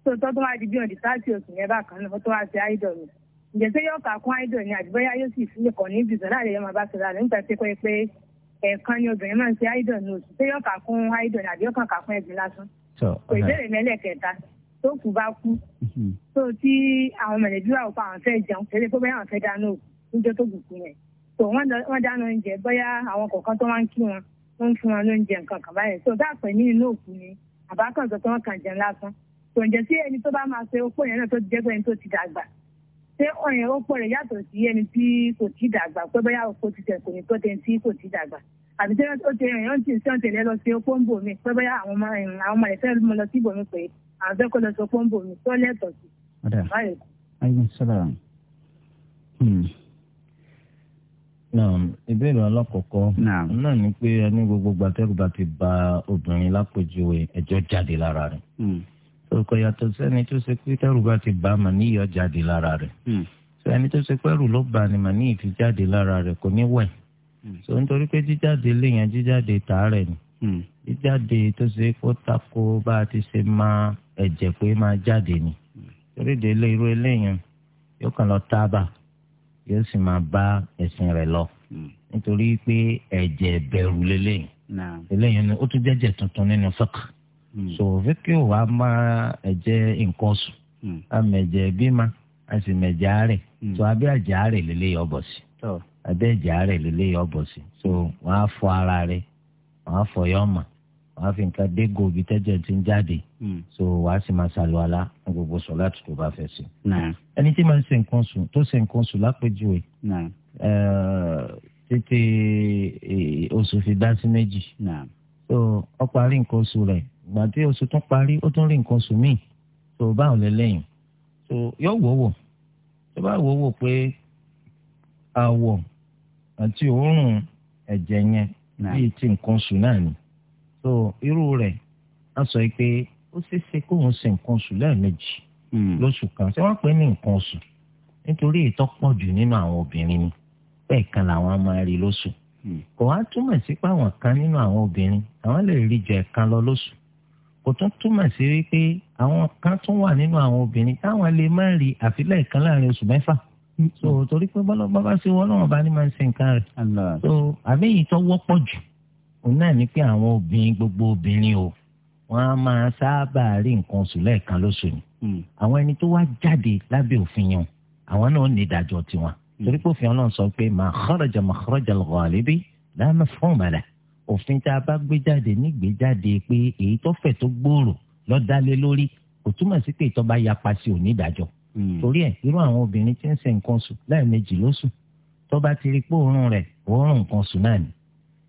tó tọ́ tó wá di bí ọ̀dì thirty oṣù yẹn bá kan náà tó wá ṣe idol mi ǹjẹ́ sẹ́ yóò kà kún idol ni àti bẹ́ẹ̀ yóò sì fi lè kàn ní ibùsùn láàrin yẹn máa bá ṣe láàrin nípa pé pé ẹ̀ẹ̀kan ni obìnrin máa ń ṣe idol ní oṣù sẹ́ yóò kà kún idol ni àbí yóò kàn kà kún ẹ̀gbin lásán kò ìbéèrè ní ẹlẹ́ẹ̀kẹta tó kù bá kú tó mhm. tí àwọn mẹ̀lẹ́dúrà ò pa àwọn fẹ́ jẹun kéré pé bẹ́ẹ̀ àwọn fẹ́ dáná òkú níjọ́ tó kù kú yẹn so wọ́n dáná oúnjẹ bóyá àwọn kọ̀ọ̀kan tó máa ń kí wọn wọ́n ń fún wọn lóúnjẹ nǹkan kan báyẹn so dáàpọ ní inú òkú ni àbákànṣe tó wọ́n kàn jẹun lásán so ǹjẹ́ sí ẹni tó bá máa ṣe opó yẹn náà tó ti jẹ́gbẹ́ ẹni tó ti dàgbà ṣé ọyàn opó rẹ̀ yàtọ̀ sí ẹni tí kò ti dàgbà pé bóyá opó ti tẹ̀ kò ní tó tẹ̀ tí kò ti dàgbà àbí ṣé ó ti rìn yọ̀ǹtì sí ọ̀tẹ̀lẹ̀ lọ sí opó ń bò pé bóyá àwọn ọmọ rẹ̀ fẹ́ lọ sí ibòmí pé àwọn fẹ́ kó lọ sí opó ń bò tó lẹ́tọ̀ọ́ sí. ọ̀dà ayé sọ́dọ̀ hmm naam ìbéèrè alákọ̀ọ́kọ́ náà ni pé ẹni gbogbo gbàtẹ́gbà ti ba obìnrin lápèjúwe ẹjọ́ jáde lára rẹ̀ hmm. orúkọ yàtọ̀ sẹ́ni tó ṣe pé tẹ́rù ti bá mà níyọ̀ jáde lára rẹ̀ hmm. sọ tó ṣe pẹ́rù ló bá ni mà níyì fi jáde lára rẹ̀ kò ní wẹ̀ hmm. sọ nítorí pé jíjáde léèyàn jíjáde tààrẹ̀ ni jíjáde tó ṣe kó tako bá a ti ṣe máa ẹ̀jẹ̀ pé máa jáde ni torí délé irú yóò sì máa bá ẹ̀sìn rẹ̀ lọ hmm. nítorí pé ẹ̀jẹ̀ bẹ̀rù lélẹ́yìn eléyìí ni ó tún jẹ́jẹ̀ tuntun nínú fẹ́kà hmm. so fẹ́kì ò wá máa ẹ̀jẹ̀ nǹkan sùn àmẹ̀jẹ̀ hmm. bímọ si àárẹ̀ tó abẹ́ àjẹ́ àárẹ̀ lélẹ́yìn ọ̀bọ̀ sí abẹ́ àjẹ́ àárẹ̀ lélẹ́yìn sí so wọ́n á fọ ara rẹ̀ wọ́n á fọ wàá fi nǹkan dé gòbí tẹ́jẹ̀ ti ń jáde hmm. so wàá sì máa ṣàlùwàlá ní gbogbo sọ láti tó bá fẹ́ sí. ẹni tí máa ń ṣe nǹkan sùn tó ṣe nǹkan sùn lápèjúwe títí oṣù fi dá sí méjì so ó parí nǹkan oṣù rẹ̀ ìgbà tí oṣù tún parí ó tún rí nǹkan oṣù míì so báwọn lẹ́lẹ́yìn so yóò wò wò tó bá wò wò pé àwọ̀ àti òórùn ẹ̀jẹ̀ yẹn bíi ti nǹkan oṣù náà ni so irú rẹ̀ wọ́n sọ pé ó ṣeéṣe kó òun ṣe nǹkan oṣù lẹ́ẹ̀mejì hmm. lóṣù kan ṣé wọ́n pè ní nǹkan oṣù nítorí ìtọ́pọ̀ jù nínú àwọn obìnrin ni bẹ́ẹ̀ kan làwọn máa rí lóṣù hmm. kò wá túmọ̀ sí pé àwọn kan nínú àwọn obìnrin àwọn lè rí jẹ kan lọ lóṣù kò tún túmọ̀ sí wípé àwọn kan tún wà nínú àwọn obìnrin táwọn lè má rí àfilẹ̀ kan láàrin oṣù mẹ́fà hmm. so torí pé bọ́lá bá bá ṣe wọ́n náà bá ní máa ń ṣe nǹkan rẹ̀ so àbẹ́yìí tó wọ́pọ̀ jù òun náà ní pé àwọn obìnrin gbogbo obìnrin o wọn á máa sábà rí nǹkan oṣù lẹ́ẹ̀kan lóṣù ni hmm. àwọn ẹni tó wá jáde lábẹ́ òfin yẹn àwọn náà ní ìdájọ́ tiwọn hmm. torí pé òfin Ọlọ́run sọ pé mà kharaja mà kharaja al-ghalibi la mafhuma lahu òfin tá a bá gbé jáde nígbé jáde pé èyí tó fẹ̀ tó gbòòrò lọ́dálé lórí kò túmọ̀ sí pé ìtọ́ba yapa sí onídàájọ́ hmm. torí ẹ̀ irú àwọn obìnrin tí ń ṣe nǹkan oṣù lẹ́ẹ̀mejì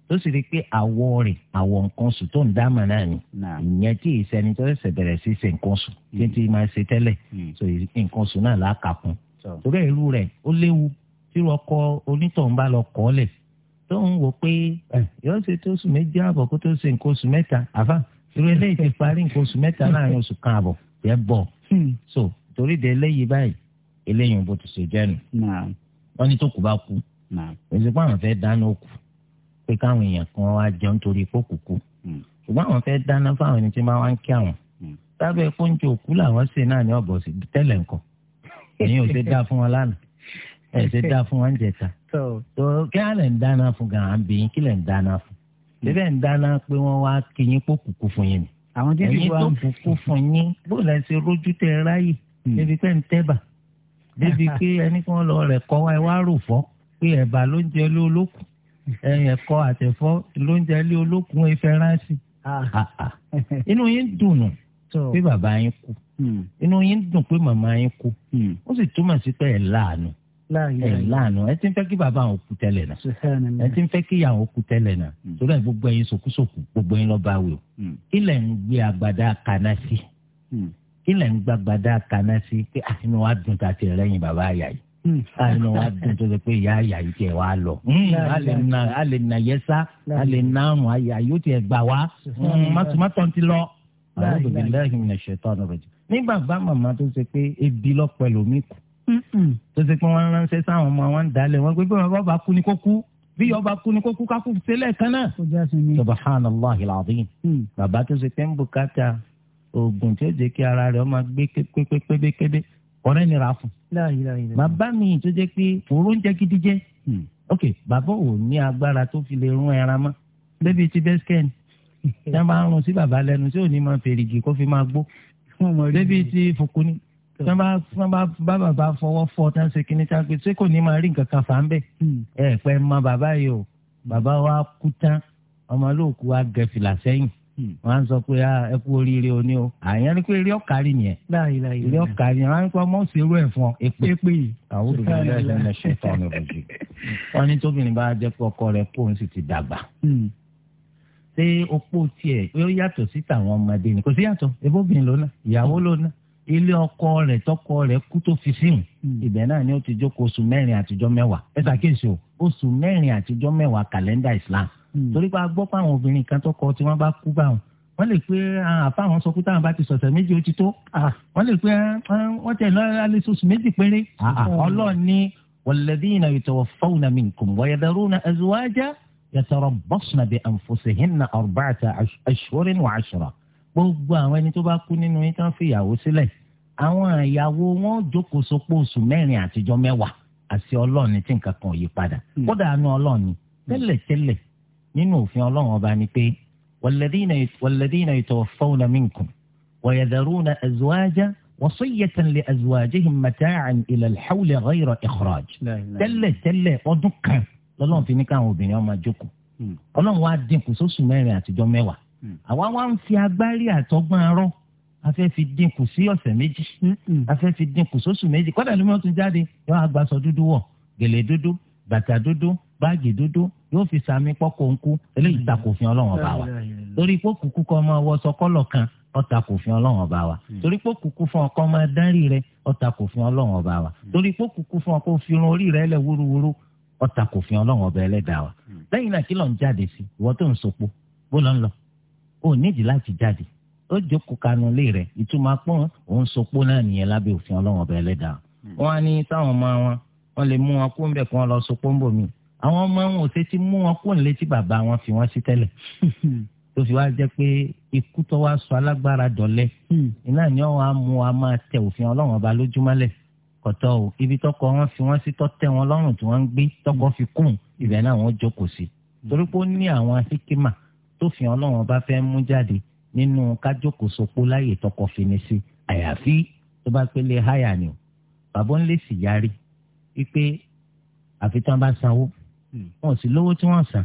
tó sì rí i pé àwọ̀ rẹ̀ àwọ̀ nǹkan sùn tó ń dámà náà ni ìyẹn tí ìsẹni tó ṣẹ̀ṣẹ̀ bẹ̀rẹ̀ sí ṣe nǹkan sùn títí hmm. máa ṣe tẹ́lẹ̀ hmm. so nǹkan sùn náà lákàkún torí irú rẹ̀ ó léwu tí ọkọ onítọ̀hún bá lọ kọ́ lẹ̀ tó ń wò pé eh, yóò ṣe tó sùn méjì àbọ̀ kó tó ṣe nǹkan sùn mẹ́ta àfà irú eléyìí ti parí nǹkan sùn mẹ́ta láàrin oṣù kan àbọ̀ yẹ bọ̀ hmm. so torí de eléyìí báyìí eléyìí bó ti ṣe jẹ́ nu wọ́n ní tó kù bá kú èsì pé fẹ́ dáná òkú pé káwọn èèyàn kan wá jẹun torí ipò kúkú hmm. ṣùgbọ́n àwọn fẹ́ dáná fáwọn ẹni tí wọ́n wá ń kí àwọn hmm. tábẹ́ kóńjó òkú làwọn ṣe náà ní ọ̀bọ̀ sí tẹ́lẹ̀ nǹkan èyí ò ṣe dá fún wọn lánàá ẹ̀ ṣe dá fún wọn jẹta tó kí á lẹ̀ ń dáná fún gan an bìyín kí lẹ̀ ń dáná fún lébẹ̀ hmm. ń dáná pé wọ́n wá kí yín pò kúkú fún yín ni àwọn tí ìlú wa fún yín bó lẹ (laughs) ẹ̀kọ àtẹ̀fọ́ lóúnjẹ ilé olókùn ìfẹ́ ránṣì ah. ah, ah. inú yín dùn pé bàbá yín kú hmm. inú yín dùn pé màmá yín kú hmm. ó sì túmọ̀ sí pé ẹ̀ láàánú ẹ láàánú ẹ ti ń fẹ́ kí bàbá àwọn òkú tẹ́lẹ̀ náà ẹ ti ń fẹ́ kí àwọn òkú tẹ́lẹ̀ náà hmm. torí ẹ gbogbo ẹyin sòkúsòkú gbogbo ẹyin lọ́ba wò kí lẹ̀ ń gbé agbada kaná sí kí lẹ̀ ń gbé agbada kaná sí pé àfihàn wa dùn tàti rẹ̀ yìn bàbá àyà yìí àìnà hmm. wa dùn tó ṣe pé ìyá àyà yìí tiẹ̀ wá lọ hmm. Hmm. a lè nà yẹsà a lè nà àrùn àyà yóò tiẹ̀ gbà wá mọ́tòmọ́tò ti lọ. àwọn òbí lẹ́yìn ní ẹ̀ṣẹ̀ tó ọ̀nà rẹ̀ jù nígbà bá màmá tó ṣe pé ebi lọ́pẹ́ lómi kù tó ṣe pé wọ́n ránṣẹ́ sáwọn ọmọ wọn dalẹ̀ wọn pé bí wọn bá kú ni kó kú bí ọba kú ni kú sílẹ̀ kan náà. subhanallahi alazim bàbá tó ṣe pé ń bùkátà oògùn tí ó jẹ́ kí ara rẹ̀ ọmọ gbé pépépépépépé ọ̀rẹ́ ni ra fún. bàbá mi tó jẹ́ pé òru ń jẹ́ gidi jẹ́ hmm. ok bàbá ò ní agbára tó fi lè rún ẹran mọ́ bébí ti bẹ́ẹ̀ skẹ́ni (laughs) tí wọ́n bá ń rún sí bàbá lẹ́nu tí ò ní máa fèrèjì kó fi máa gbó bébí ti fòkú ni tí wọ́n bá bàbá fọwọ́ fọ tí wọ́n ṣe kíní tí wọ́n pe ṣé kò ní máa rí nǹkan kan fà ń bẹ̀ hmm. ẹ̀ pẹ́ mọ bàbá yìí o bàbá wa kú tán ọmọ wa gẹ̀fìlà sẹ́yìn Hmm. wọn á sọ pé ah, ẹ kú oríire o ní o àyàn ni pé eré ọ̀kárí nìyẹn eré ọ̀kárí nìyẹn wọn á ní pé ọmọ òsè rú ẹ̀ fún ọ èpè àwọn obìnrin bẹ́ẹ̀ lẹ́nu ẹ̀ṣẹ̀ tán ọ̀nà òjì wọn ní tóbìnrin bá jẹ́ pé ọkọ rẹ̀ kóun sì ti dàgbà hmm. ṣé opó tiẹ̀ ó yàtọ̀ sí tàwọn ọmọdé ni kò sí yàtọ̀ ebóbìnrin ló ná ìyàwó ló ná ilé ọkọ rẹ̀ tọkọ rẹ̀ kú tó fi síhùn hmm. ibẹ̀ náà ni ó ti jókòó oṣù mẹ́rin àtijọ́ mẹ́wàá ẹ ṣàkíyèsí o oṣù mẹ́rin àtijọ́ mẹ́wàá kàlẹ́ndà Islam Hmm. torí pé a gbọ́ pé àwọn obìnrin kan tó kọ tí wọ́n bá kú bá wọn wọ́n lè pé àfa àwọn sọ pé táwọn bá ti sọ̀tẹ̀ méjì ó ti tó wọ́n lè pé wọ́n tẹ̀ lọ́ọ́ alẹ́ méjì péré ọlọ́ọ̀ni والذين يتوفون منكم ويذرون أزواجا يتربصن بأنفسهن أربعة أشهر وعشرة gbogbo àwọn ẹni tó bá kú nínú yín tán fìyàwó sílẹ̀ àwọn ìyàwó wọn jókòó sopọ̀ oṣù mẹ́rin àtijọ́ mẹ́wàá àti ọlọ́ọ̀ni tí nǹkan kan yí padà hmm. kódà àánú ọlọ́ọ̀ni hmm. tẹ́lẹ̀tẹ́lẹ̀ nínú òfin ọlọ́run ọba ni pé walladhina yatawaffawna minkum wa yadharuna azwaja وصية لأزواجهم متاعا إلى الحول غير إخراج تلة تلة أدوكا lọ́lọ́run fi ní káwọn obìnrin ọmọ jókòó hmm. ọlọ́run wá dínkù sóṣù mẹ́rin àtijọ́ mẹ́wàá hmm. àwa wá ń fi agbárí àtọ́gbọ́n arọ́ a fẹ́ fi dínkù sí ọ̀sẹ̀ méjì hmm. a fẹ́ fi dínkù sóṣù méjì kọ́dà ló mọ́ tún jáde yọ àgbàsọ dúdú wọ̀ gèlè dúdú bàtà dúdú báàgì dúdú yóò fi sàmì pọ́kọ̀ ńkú eléyìí ta kò fi ọlọ́run ọba wa torí pé kúkú kọ́ ọmọ ọwọ́ sọ kan ọ̀tà kò ọba wa torí pé kúkú fún ọkọ ọmọ dánrí rẹ ọ̀tà kò fi ọlọ́run ọba wa hmm. torí pé kúkú fún ọkọ òfin hmm. orí rẹ lẹ wúruwúru ọ̀tà kò fi ọlọ́run ọba ẹlẹ́dàá wa hmm. lẹ́yìn náà kí ló ń jáde sí ìwọ tó ń sopó bó lọ ń lọ ò nídìí láti jáde ó jókòó kanu lé rẹ ìtumọ̀ pọ́n òun sopó náà nìyẹn lábẹ́ òfin ọlọ́run ọba ẹlẹ́dàá wọn á ní táwọn ọmọ wọn wọn lè mú wọn kó ń bẹ̀ kó wọn lọ sopó ń bò míì àwọn ọmọ wọn ò ṣe ti mú wọn kó nílé tí bàbá wọn fi wọn sí tẹ́lẹ̀ (laughs) tó fi wá jẹ́ pé ikú tó wá sọ alágbára dọ̀lẹ hmm. iná ni wọn á mú wa máa tẹ òfin Ọlọ́run ọba lójúmọ́lẹ̀ kọtọ o ibi tọkọ wọn fi wọn sí tọtẹ wọn lọ́rùn tí wọn ń gbé tọkọ hmm. fi kún ibẹ̀ náà wọn jókòó sí hmm. torí pé ó ní àwọn hikima tó fi Ọlọ́run ọba fẹ́ mú jáde nínú kájókòó sopó láyè tọkọ fini sí àyàfi tó bá pélé háyà ni o bàbá ń lè sì yarí wípé àfi tí wọn bá sanwó Hmm. wọn ò sì lówó tí wọ́n san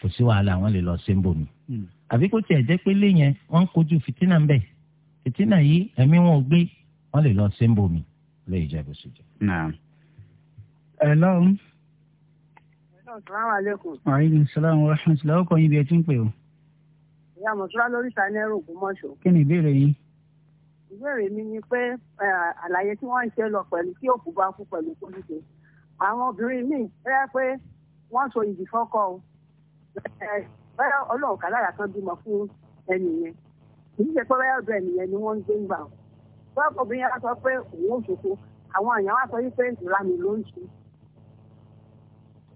kò sí wàhálà wọn lè lọ sí ń bomi. Hmm. àbí kó tiẹ̀ jẹ́ pé lé yẹn wọ́n ń kojú fìtínà ń bẹ̀ fìtínà yìí ẹ̀mí wọn ò gbé wọ́n lè lọ sí ń bomi lè jẹ́ bó ṣe jẹ́. hello. salaamu aleykum. aleykum salaam wa rahmatulah ọkọ yín bí ẹ ti ń pè o. ìyá mọ̀túrà lórí sanẹ́rù ògbómọ̀ṣọ́. kí ni ìbéèrè yín ìbéèrè mi ni pé àlàyé tí wọ́n ń ṣe lọ pẹ̀lú kí òkú bá kú pẹ̀lú kólíṣe àwọn obìnrin míì rẹ́ pé wọ́n so ìdí fọ́kọ́ o bẹ́ẹ̀ ọlọ́run kàlára kan bímọ fún ẹnì yẹn kì í ṣe pé bẹ́ẹ̀ ọ̀dọ̀ ẹnì yẹn ni wọ́n ń gbé gbà o bọ́ọ̀kọ̀ bí yẹn wá sọ pé òun ò ṣòfò àwọn èèyàn wá sọ wípé ìlànà ló ń ṣe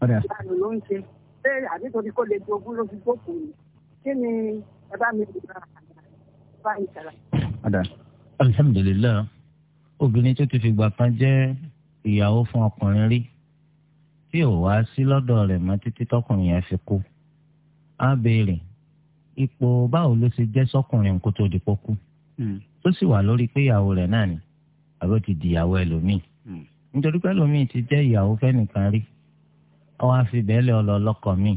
ìlànà ló ń ṣe pé àbí torí kó lè di ogún ló fi gbókùn ni kí ni ẹ bá mi dìbò bá mi sara. alhamdulilayi obìnrin tó ti fìgbà kan jẹ́ ìyàwó fún ọkùnrin rí tí ò wá sí lọ́dọ̀ rẹ̀ mọ́ títí tọkùnrin yẹn fi kú á béèrè ipò báwo ló ṣe jẹ́ Sọkùnrin kó tó di pọ́ hmm. tó sì wà lórí pé ìyàwó rẹ̀ náà ni àbí ó ti di ìyàwó ẹlòmíì hmm. nítorí pé ẹlòmíì ti jẹ́ ìyàwó fẹ́nìkan rí ọwọ́ àfi bẹ́ẹ̀lẹ̀ ọlọ́lọ́kọ̀ míì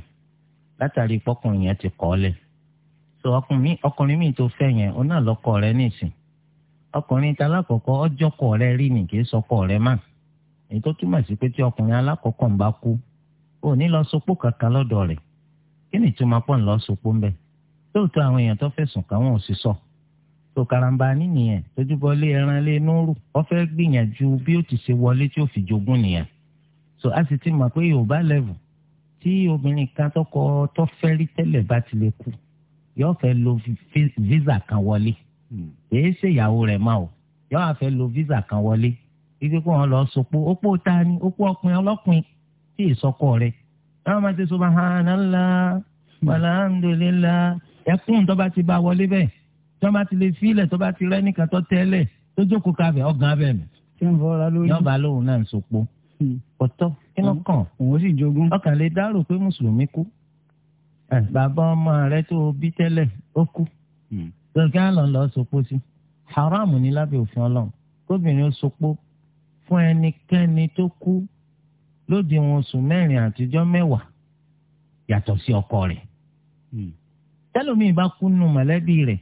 látàrí pọ́kùnrin yẹn ti kọ́ lẹ̀ so ọkùnrin míì tó fẹ́ yẹn òun náà lọ́kọ rẹ̀ nìsín ọkùnrin talákọ̀ọ́kọ́ ọjọ́kọ̀ rẹ̀ rí nìkè èyí tó túmọ̀ sí pé tí ọkùnrin alákọ̀ọ́kọ́ ń bá kú ò ní lọ sopó kankan lọ́dọ̀ rẹ̀ kí ni ìtumọ̀ pọ̀ ń lọ sopó ń bẹ̀ lóòótọ́ àwọn èèyàn tó fẹ̀sùn káwọn ò sì sọ tó karamba nìyẹn tójúbọ lé ẹran lé núrù ó fẹ́ gbìyànjú bí ó ti ṣe wọlé tí ó fi jogún nìyẹn so a sì ti mọ̀ pé yorùbá lẹ́vù tí obìnrin kan tọkọ tó fẹ́ rí tẹ́lẹ̀ bá ti lè kú yóò fẹ́ lo visa kan wọlé èyí hmm. ṣèyàwó rẹ̀ máa o yóò fẹ́ lo visa kan wọlé igi kó wọn lọ sọpọ opó ta ni opó ọkùnrin ọlọkùnrin tí ìsọkọ rẹ àwọn máa ti subhanallah walhamdulillah ẹkún tó bá ti bá wọlé bẹ́ẹ̀ tó bá ti lè filẹ̀ tó bá ti rẹ́ nìkan tó tẹ́lẹ̀ tó jókòó káfẹ́ ọ̀gán abẹ́ mi. ṣé n fọra lórí. yọba lóhùn náà ń sopọ̀. Hmm. ọ̀tọ̀ kí ló kàn. òun sì jogún. ọkàn lè dárò pé mùsùlùmí kú. bàbá ọmọ rẹ tó bí tẹ́lẹ̀ ó kú. Hmm. lọ́gá lọ́n lọ́ sopọ̀ sí. haram ní lábẹ́ òfin ọlọ́run kóbìnrin ó sopọ̀ fún ẹnikẹ́ni tó kú lódiwọ̀n oṣù mẹ́rin àtijọ́ mẹ́wàá yàtọ̀ sí ọkọ rẹ̀. Hmm. tẹ́lómi bá kú nù mọ̀lẹ́bí rẹ̀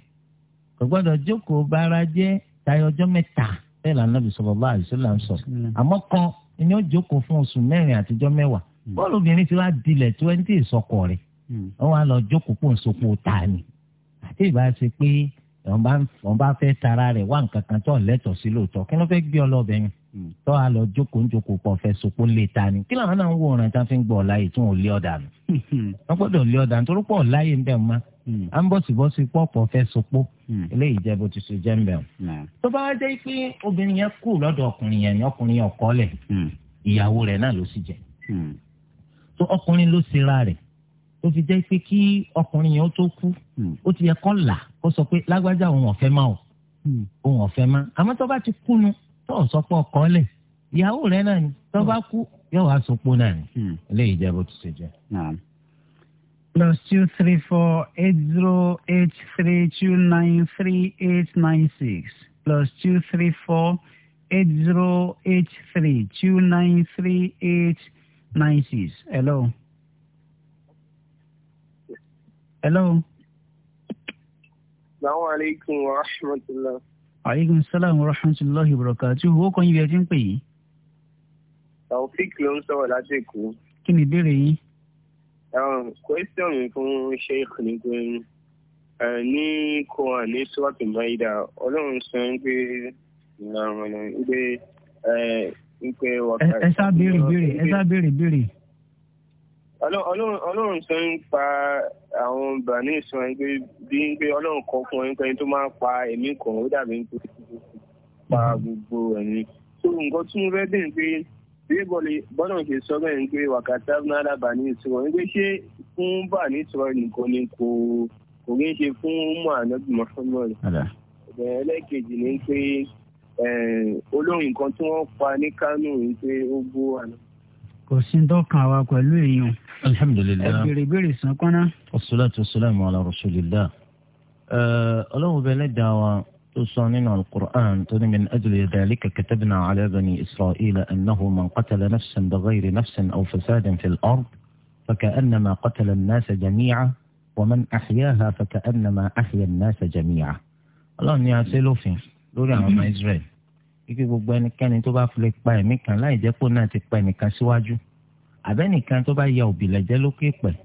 kò gbọ́dọ̀ jókòó bára jẹ́ tayọ ọjọ́ mẹ́ta bẹ́ẹ̀ lànà bí sallallahu alaihi wasallam sọ. Hmm. àmọ́ kan ni ó jókòó fún oṣù mẹ́rin àtijọ́ mẹ́wàá hmm. bọ́ọ̀lù obìnrin ti wá dilẹ̀ tí wọ́n ti sọkọ rẹ̀ wọ́n wá lọ jókòó pò ń sopọ̀ ta ni àti ìbá ṣe pé wọ́n bá fẹ́ tara rẹ̀ wá nǹkan kan tó lẹ́tọ̀ọ́ sí lóòótọ́ kí ló fẹ́ gbé ọ lọ́bẹ̀ yẹn. Hmm. tọ́ a lọ jókòó jókòó pọ̀ fẹ́ sopó lè ta ni kí làwọn náà ń wòran tá a fi ń gbọ́ ọ̀la yìí tí wọ́n lé ọ̀dà nù hmm. wọ́n gbọ́dọ̀ lé ọ̀dà nù torí pọ̀ ọ̀la yìí ń bẹ̀ mọ́ hmm. à ń bọ̀sibọ́sí pọ̀ pọ̀ fẹ́ sopó eléyìí jẹ́ bó ti so jẹ́ ń bẹ̀ wọn. tó bá wá jẹ́ pé obìnrin yẹn kù lọ́dọ̀ ọkùnrin yẹn ni ọkùnrin yẹn ọkọ lẹ̀ ìyàwó rẹ̀ náà ló sì jẹ́ tó ọkùnrin ló sera rẹ̀ tó fi jẹ́ pé kí ọkùnrin yẹn ó tó kú ó ti yẹ kọ́ là kó sọ pé lágbájá òun ọ̀fẹ́ máa ò òun ọ̀fẹ́ máa àmọ́ tó bá ti kúnu tó sọ pé ọkọ lẹ̀ ìyàwó rẹ náà ni tó bá hmm. kú yóò wá sopọ̀ náà ni hmm. eléyìí jẹ́ bó ti ṣe jẹ́. plus two three four eight zero eight three two nine three eight nine six plus two three four eight zero eight three two nine three eight nine six. hello. hello. salaamaleykum wa rahmatulah aleykum salaam wa rahmatulahi wa barakatuh owó kan yìí bí ẹ ti ń pè yìí. taofik ló ń sọ̀rọ̀ láti èkó. kí ni ìbéèrè yín. Um, question fún sheikh ni pé ní koran ní sọ́ọ̀tì maida ọlọ́run sọ pé ìlànà ìgbé ìpè wákàtí. ẹ ṣáà béèrè béèrè ẹ ṣáà béèrè béèrè ọlọ́run sọ ń pa àwọn bàní ìsọ ẹgbẹ́ bí ń gbé ọlọ́run kọ fún ẹni pé tó máa pa ẹ̀mí kan ó dàbí ń pa gbogbo ẹ̀mí tó nǹkan tí mo fẹ́ bẹ̀ ń pé bí bọ́lá ṣe sọ bẹ́ẹ̀ ń pé wákàtí abúlé bàní ìsọ ń gbé ṣé fún bàní ìsọ nìkan ni kò kò ní ṣe fún mọ ànábì mọ́fọ́mọ́ rẹ̀ ẹlẹ́ẹ̀kejì ni pé olórin kan tí wọ́n pa ní Kánò ń pé ó gbó àná. kò sí dọ́kàn wa pẹ̀lú èèyàn alhamdulilayi béèrè béèrè sàn kọ́nà. wasalaatu wasalaamu ala rasulillah. ọlọ́run bẹ́ẹ̀ lẹ́dàá wa tó sọ nínú alukur'an tó ní min ajli dhalika katabna ala bani isra'ila annahu man qatala nafsan bighayri nafsin aw fasadin fil ard فكأنما قتل الناس جميعا ومن أحياها فكأنما أحيا الناس جميعا الله ni a ṣe lófin lórí àwọn ọmọ Israel ike gbogbo ẹnikẹ́ni tó bá fi lè pa ẹ̀mí kan láì jẹ́ pé ó náà ti pa ẹnìkan síwájú àbẹ́nìkan tó bá ya òbílẹ̀ jẹ́ lókè pẹ̀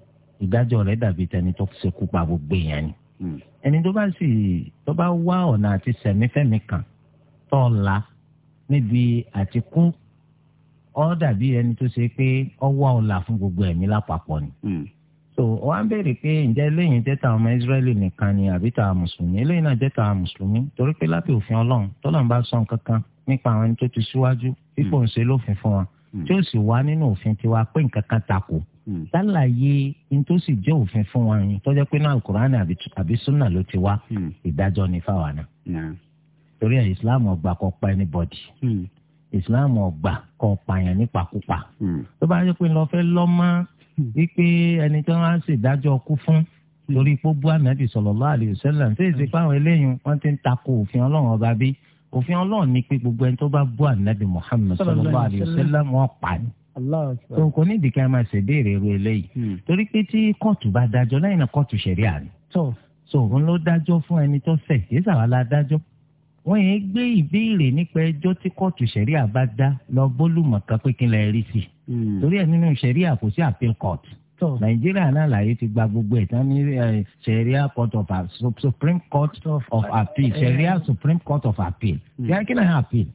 ìdájọ́ rẹ̀ dàbí tẹni tó ṣekú pa gbogbo èèyàn ni. Hmm. ẹni tó bá sì tó bá wá ọ̀nà àti sẹ̀mífẹ̀mí kan tó la níbi àti kú ó dàbí ẹni tó ṣe pé ọwọ́ ọ̀la fún gbogbo ẹ̀mí lápapọ̀ ni. Hmm. so wọ́n á béèrè pé ǹjẹ́ eléyìí jẹ́ tàwọn ọmọ Ísírẹ́lì nìkan ni àbí tàwọn mùsùlùmí eléyìí náà jẹ́ tàwọn mùsùlùmí torí pé lábẹ́ òfin Ọlọ́run tọ́lọ́run bá sọ nǹkan kan nípa àwọn ẹni tó ti síwájú fífò lófin fún wọn Mm. tí ó sì wá nínú òfin tiwa pé nǹkan kan takò mm. lálàyé nítòsí jẹ́ òfin fún wa yín tọ́jọ́ pé náà alukur'an àbí sunna ló ti wá mm. ìdájọ́ ní fáwa náà torí ẹ̀ islam ò gbà kó pa anybody islam ò gbà kó pààyàn nípakúpa tó bá yẹ pé lọ fẹ́ lọ́mọ́ wípé ẹni tí wọ́n á ṣèdájọ́ ọkú fún lórí pópó ànábì sallallahu alaihi wasallam ṣé èsì fáwọn eléyìí wọ́n ti ń takò òfin ọlọ́run ọba bíi òfin ọlọ́run ni pé gbogbo ẹni tó bá bú ànábì Muhammad sallallahu alayhi wa sallam wọn pa ni kò ní ìdíkà máa ṣe béèrè irú eléyìí hmm. torí pé tí kóòtù bá dájọ́ lẹ́yìn náà kóòtù ṣẹ̀ríà ni so òun ló dájọ́ fún ẹni tó ṣẹ̀ kìí sàwọn aládájọ́ wọ́n yẹn gbé ìbéèrè nípa ẹjọ́ tí kóòtù ṣẹ̀ríà bá dá lọ bólúmọ̀ká pé kí n lè rí sí i hmm. torí ẹ̀ nínú ṣẹ̀ríà kò sí appeal nàìjíríà náà láàyè ti gba gbogbo ẹ̀ tán ní sẹ̀ríà court of supreme court of appeal eh. sẹ̀ríà supreme court of appeal kí á kí náà appeal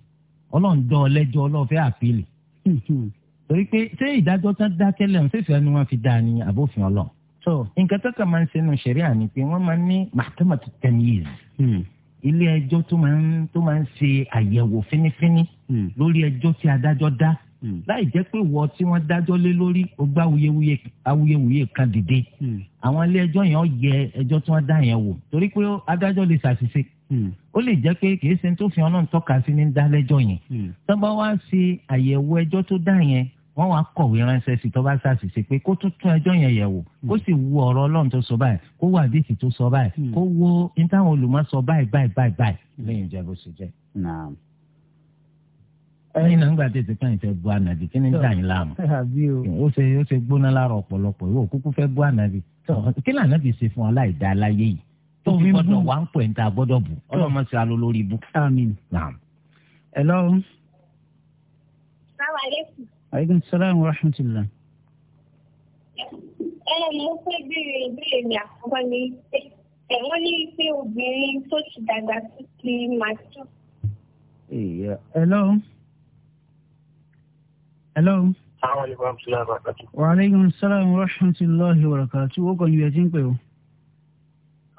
ọlọ́run dán ọ lẹ́jọ́ ọlọ́run fẹ́ appeal torí pé ṣé ìdájọ́ tán dá tẹ́lẹ̀ ń fẹ́fẹ́ ni wọ́n fi dá ní àbófin ọlọ́run so nǹkan tó kàn máa ń sẹ́nu sẹ̀ríà ni pé wọ́n máa ń ní mathematical ten years ilé ẹjọ́ tó máa ń ṣe àyẹ̀wò fínífíní hmm. lórí ẹjọ́ tí adájọ́ dá Hmm. láì jẹ́ pé wọ́ tí wọ́n dájọ́ lé lórí ó gbá awuyewuye awuyewuye kan dìde hmm. àwọn ilé ẹjọ́ yẹn ó yẹ ẹjọ́ tí wọ́n dá yẹn wò torí pé adájọ́ lè ṣàṣìṣe hmm. ó lè jẹ́ pé kìí ṣe tó fi ọlọ́run tọ́ka sí ní dálẹ́jọ́ yẹn tó bá wá ṣe àyẹ̀wò ẹjọ́ tó dá yẹn wọ́n wá kọ̀wé ránṣẹ́ sí tó bá ṣàṣìṣe pé kó tún tún ẹjọ́ yẹn yẹ̀ wò kó sì wo ọ̀rọ̀ ọlọ́run tó sọ báyìí kó wo àdìsí tó sọ báyìí kó wo ní táwọn olùmọ̀ sọ báyìí báyìí báyìí báyìí lẹ́yìn ìjẹ́bù sì jẹ́ ẹ̀yin náà nígbà tí ètò kan ìfẹ́ bu ànàbì kí ni dà yín láàmú ó ṣe ó ṣe gbóná lára ọ̀pọ̀lọpọ̀ ìwọ òkúkú fẹ́ bu ànàbì kí ni ànàbì ṣe fún aláìdá aláyé yìí tó fi gbọ́dọ̀ wá ń pẹ̀ ń ta gbọ́dọ̀ bù ọlọ́mọ sí alo lórí ibú. hello. salaamaleykum. aleykum salaam wa rahmatulah. ẹ mo fẹ́ béèrè ìbéèrè mi àkọ́kọ́ ni ẹ̀wọ́n ní pé obìnrin tó ti dàgbà tó ti máa tó. hello hello. àwọn ìlú àmì sílẹ̀ àbàkàtú. wa aleykum salaam wa rahmatulahi wa barakatu ó kọ ìyẹn tí ń pè o.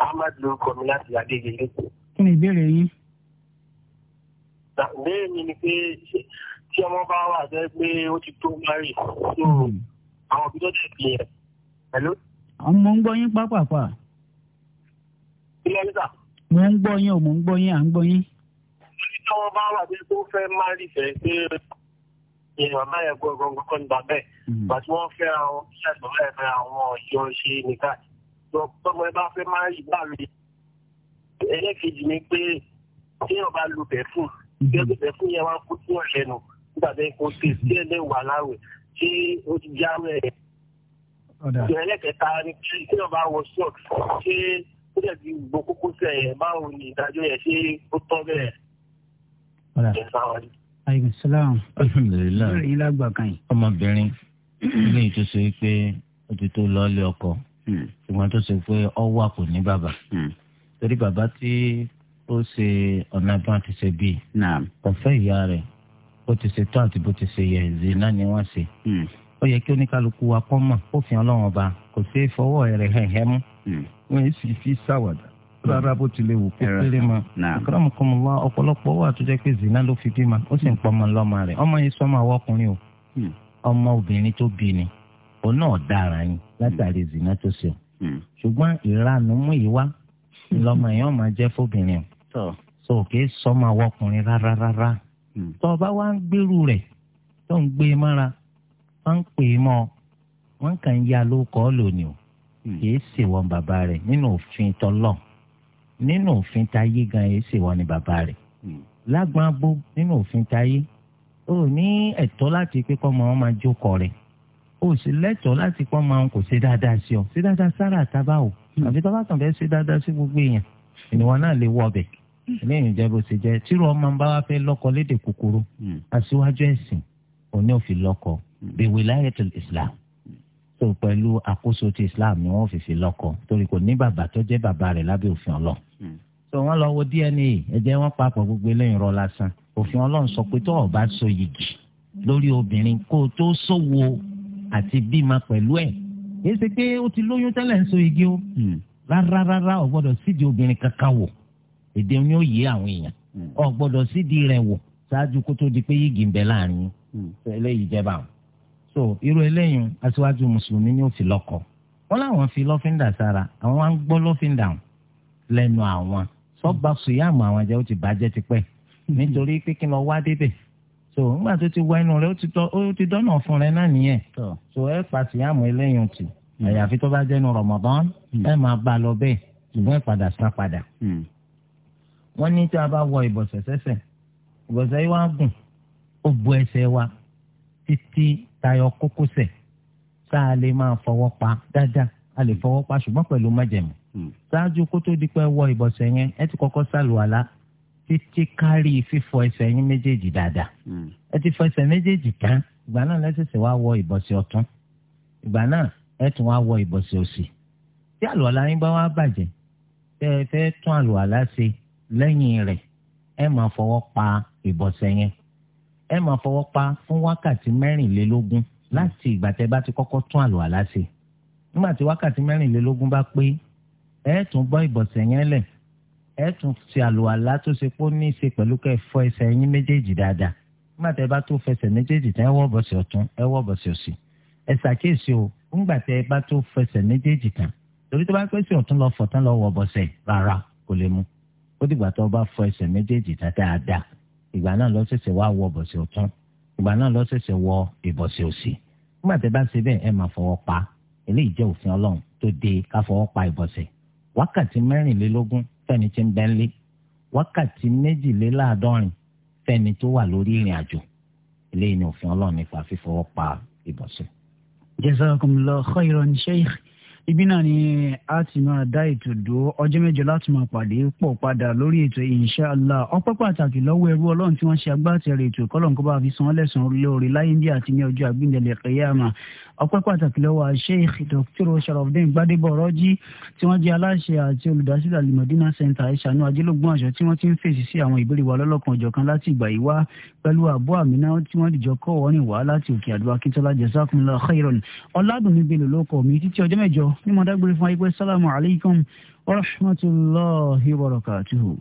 ahmad ló kọ mi láti adéyẹlé. kí ni ìbéèrè yín. bẹ́ẹ̀ mi ni pé tí ọmọ bá wà bẹ́ẹ̀ pé ó ti tó mari so hmm. àwọn òbí tó ti fi yẹn. hello. ọmọ ń gbọ́ yín pápápá. ilé ẹ̀ka. mo ń gbọ́ yín o mo ń gbọ́ yín à ń gbọ́ yín. tí ọmọ bá wà bẹ́ẹ̀ tó fẹ́ mari fẹ́ pé ìyẹn bàbá yẹn gbọ́ngàn kọ́kọ́ ní bàbá ẹ̀ hmm. bàtí wọ́n fẹ́ àwọn ṣàtọ̀ ẹ̀ fẹ́ àwọn ọ̀ṣọ́ ṣe nìka tọmọ ẹ bá fẹ́ máa yí bá mi ni pé téèyàn bá lu pẹ̀fún gẹ́gẹ́ hmm. pẹ̀fún yẹn wá kú sí ọ̀lẹ́ nù nígbà bẹ́ẹ̀ kó tè sí ẹ̀lẹ́ wà láwẹ̀ tí ó ti já rẹ̀ ẹ̀ ẹlẹ́kẹta ni pé téèyàn bá wọ sọ́ọ̀t ṣé ó dẹ̀ ti gbọ́ kókó sẹ̀ báwo ni ìdájọ́ yẹn ṣé ó tọ́ bẹ́ẹ̀ aleykum salaam. alhamdulilayi ìbéèrè yín lágbà kan yìí. ọmọbìnrin ilé ìtòsí pé ó ti tó lọ́ọ́lé ọkọ hmm. ṣùgbọ́n tó ṣe pé ọ wà kò ní bàbá hmm. torí bàbá tí ó ṣe ọ̀nà bí wọ́n ti ṣe bíi ọ̀fẹ́ ìyá rẹ̀ bó ti ṣe tó àti bó ti ṣe yẹ zina ni wọ́n ṣe hmm. ó yẹ kí oníkálukú wa kọ́ mọ̀ kófin ọlọ́run ọba kò sí fọwọ́ rẹ̀ hẹ̀hẹ́ mú wọ́n sì fi ṣàwàdà rárá bó tilẹ̀ kó ma akọ́rọ́mù kan mọ̀ wà tó zina ló fi bí ma ó sì ọmọ ọmọ o hmm. ọmọ obìnrin tó bí ni òun náà dára yín hmm. zina tó ṣe o hmm. ṣùgbọ́n ìranù mú ìwá lọ́mọ yẹn ọmọ jẹ́ fóbìnrin o so kì í sọ́mọ àwọn rárá rárá tó o bá wá ń gbèrú tó ń gbé e ń pè é mọ́ kàn ń nínú òfin táyé gan ẹ ṣèwọ ni bàbá rẹ̀ hmm. lágbọn abó nínú òfin táyé o ní ẹ̀tọ́ láti pé kọ́ ọmọ wọn máa jókòó rẹ̀ o sì lẹ́tọ̀ọ́ láti pọ́ ọmọ wọn kò ṣe dáadáa sí ọ ṣe dáadáa sára àtàbà o hmm. àfi tó bá kàn fẹ́ ṣe dáadáa sí gbogbo èèyàn ìníwọ̀n náà lè wọ ọbẹ̀ eléyìí hmm. jẹ́ bó ṣe jẹ́ tírú ọmọ bá wá fẹ́ lọ́kọ lédè kúkúrú aṣíwájú ẹ̀sìn òní òfin lọ́kọ bèwè láyẹ̀tò Islam rọ́pò pẹ̀lú àkóso ti islam ni wọ́n fi fi lọ́kọ torí kò ní bàbá tó jẹ́ bàbá rẹ̀ lábẹ́ òfin ọlọ́ hmm. so wọ́n lọ wo dna ẹ̀jẹ̀ wọn papọ̀ gbogbo eléyìí rọ lásán òfin ọlọ́run sọ pé tó o bá so yìgì lórí obìnrin kó o tó sòwò àti bímọ pẹ̀lú ẹ̀ èyí ṣe pé o ti lóyún tẹ́lẹ̀ ń so yìgì o hmm. rárá rárá o gbọ́dọ̀ sídìí obìnrin kankan wò èdè ni ó yé àwọn èèyàn hmm. o gbọ́dọ̀ sídìí rẹ̀ wò ṣáájú kó tó di pé yìgì ń bẹ láàrin eléyìí jẹba àwọn so irú eléyìí aṣíwájú mùsùlùmí ni ó fi lọ́kọ wọn làwọn fi lọ́fíńdà sára àwọn wa ń gbọ́ lọ́fíńdà lẹ́nu àwọn sọ́gbà sùyàmù àwọn jẹ́ ó ti bàjẹ́ tipẹ́ (laughs) nítorí pé kí n lọ wá débẹ̀ so nígbà tó ti wá inú rẹ ó ti dọ́nà fún rẹ náà nìyẹn so ẹ pa sùyàmù eléyìí tì àyàfi tó bá jẹ́ nu Ramadan hmm. ẹ máa bá a lọ bẹ́ẹ̀ hmm. ṣùgbọ́n ìpadà sá padà hmm. wọ́n ní tí a bá wọ ìbọ̀sẹ̀ sẹ́sẹ̀ yìí wá gùn ó bu ẹsẹ̀ wa títí tayọ kókósẹ̀ tá a lè máa fọwọ́ pa dáadáa a lè fọwọ́ pa ṣùgbọ́n pẹ̀lú májẹ̀mú. Hmm. ṣáájú kó tó di pé wọ ìbọ̀sẹ̀ yẹn ẹ ti kọ́kọ́ sàlùwàlá títí kárí fífọ ẹsẹ̀ yín méjèèjì dáadáa. Hmm. ẹ ti fọ ẹsẹ̀ méjèèjì tán ìgbà náà lẹ́sẹ̀sẹ̀ wá wọ ìbọ̀sẹ̀ ọ̀tún ìgbà náà ẹ tún wá wọ ìbọ̀sẹ̀ òsì. tí àlùwàlá yín bá wá bàjẹ́ tẹ́ ẹ fẹ́ tún àlùwàlá ṣe lẹ́yìn rẹ̀ ẹ máa fọwọ́ pa ìbọ̀sẹ̀ yẹn ẹ máa fọwọ́ pa fún wákàtí mẹ́rìnlélógún láti ìgbà tẹ́ bá ti kọ́kọ́ tún àlùwàlá ṣe nígbà tí wákàtí mẹ́rìnlélógún bá pé ẹ tún bọ́ ìbọ̀sẹ̀ yẹn lẹ̀ ẹ tún ṣe àlùwàlá tó ṣe pé ó ní í ṣe pẹ̀lú kẹ́ fọ ẹsẹ̀ yín méjèèjì dáadáa nígbà tẹ́ bá tó fẹsẹ̀ méjèèjì tán ẹ wọ́ bọ̀sẹ̀ ọ̀tún ẹ wọ́ bọ̀sẹ̀ òsì ẹ ṣàkíyèsí o nígbà tẹ́ bá tó fẹsẹ̀ méjèèjì tán torí tó bá pèsè ọ̀tún lọ fọ̀ tán wọ́ bọ̀sẹ̀ rárá kò lè mú ó dìgbà tó bá fọ ẹsẹ̀ méjèèjì dáadáa ìgbà náà lọ ṣẹ̀ṣẹ̀ wá wọ ìbọ̀sẹ̀ ọ̀tún ìgbà náà lọ ṣẹ̀ṣẹ̀ wọ ìbọ̀sẹ̀ òsì nígbà tẹ́ bá ń ṣe bẹ́ẹ̀ ẹ máa fọwọ́ pa eléyìí jẹ́ òfin Ọlọ́run tó de ká fọwọ́ pa ìbọ̀sẹ̀ wákàtí mẹ́rìnlélógún fẹ́ni tí ń bẹ́ńlé wákàtí méjìléláàádọ́rin fẹ́ni tó wà lórí ìrìn àjò eléyìí ni òfin Ọlọ́run nípa fífọwọ́ pa ìbọ̀sẹ̀. jazakumullahu khairan sheikh ibi náà ni a ti máa dá ètò dúró ọjọ́ mẹ́jọ láti máa pàdé pọ̀ padà lórí ètò inshallah ọpẹ́ pàtàkì lọ́wọ́ ẹrú ọlọ́run tí wọ́n ṣe agbátẹrù ètò ìkọlọ́nkọ́ bá fi san lẹ́sàn-án lórí láyé ń bí àti ní ọjọ́ àgbìndẹ̀lẹ̀ kẹyàmà ọpẹ́ pàtàkì lọ́wọ́ sheikh dr sharafdin gbadebo ọrọ́jì tí wọ́n jẹ́ aláṣẹ àti olùdásílẹ̀ alimọ̀dínà center ìṣàánú ajẹ́lógún àṣọ tí wọ́n ti ń fèsì sí àwọn ìbéèrè wa lọ́lọ́kan ọ̀jọ̀kan láti ìgbà yìí wá pẹ̀lú àbú àmínà tí wọ́n dìjọ kọ́ ọ̀rìn wá láti òkè àdúrà kíntola jazakumullahu khairan ní mo dágbére fún ayípẹ́ sálámù alaykum rahmatulahi barakatuhu.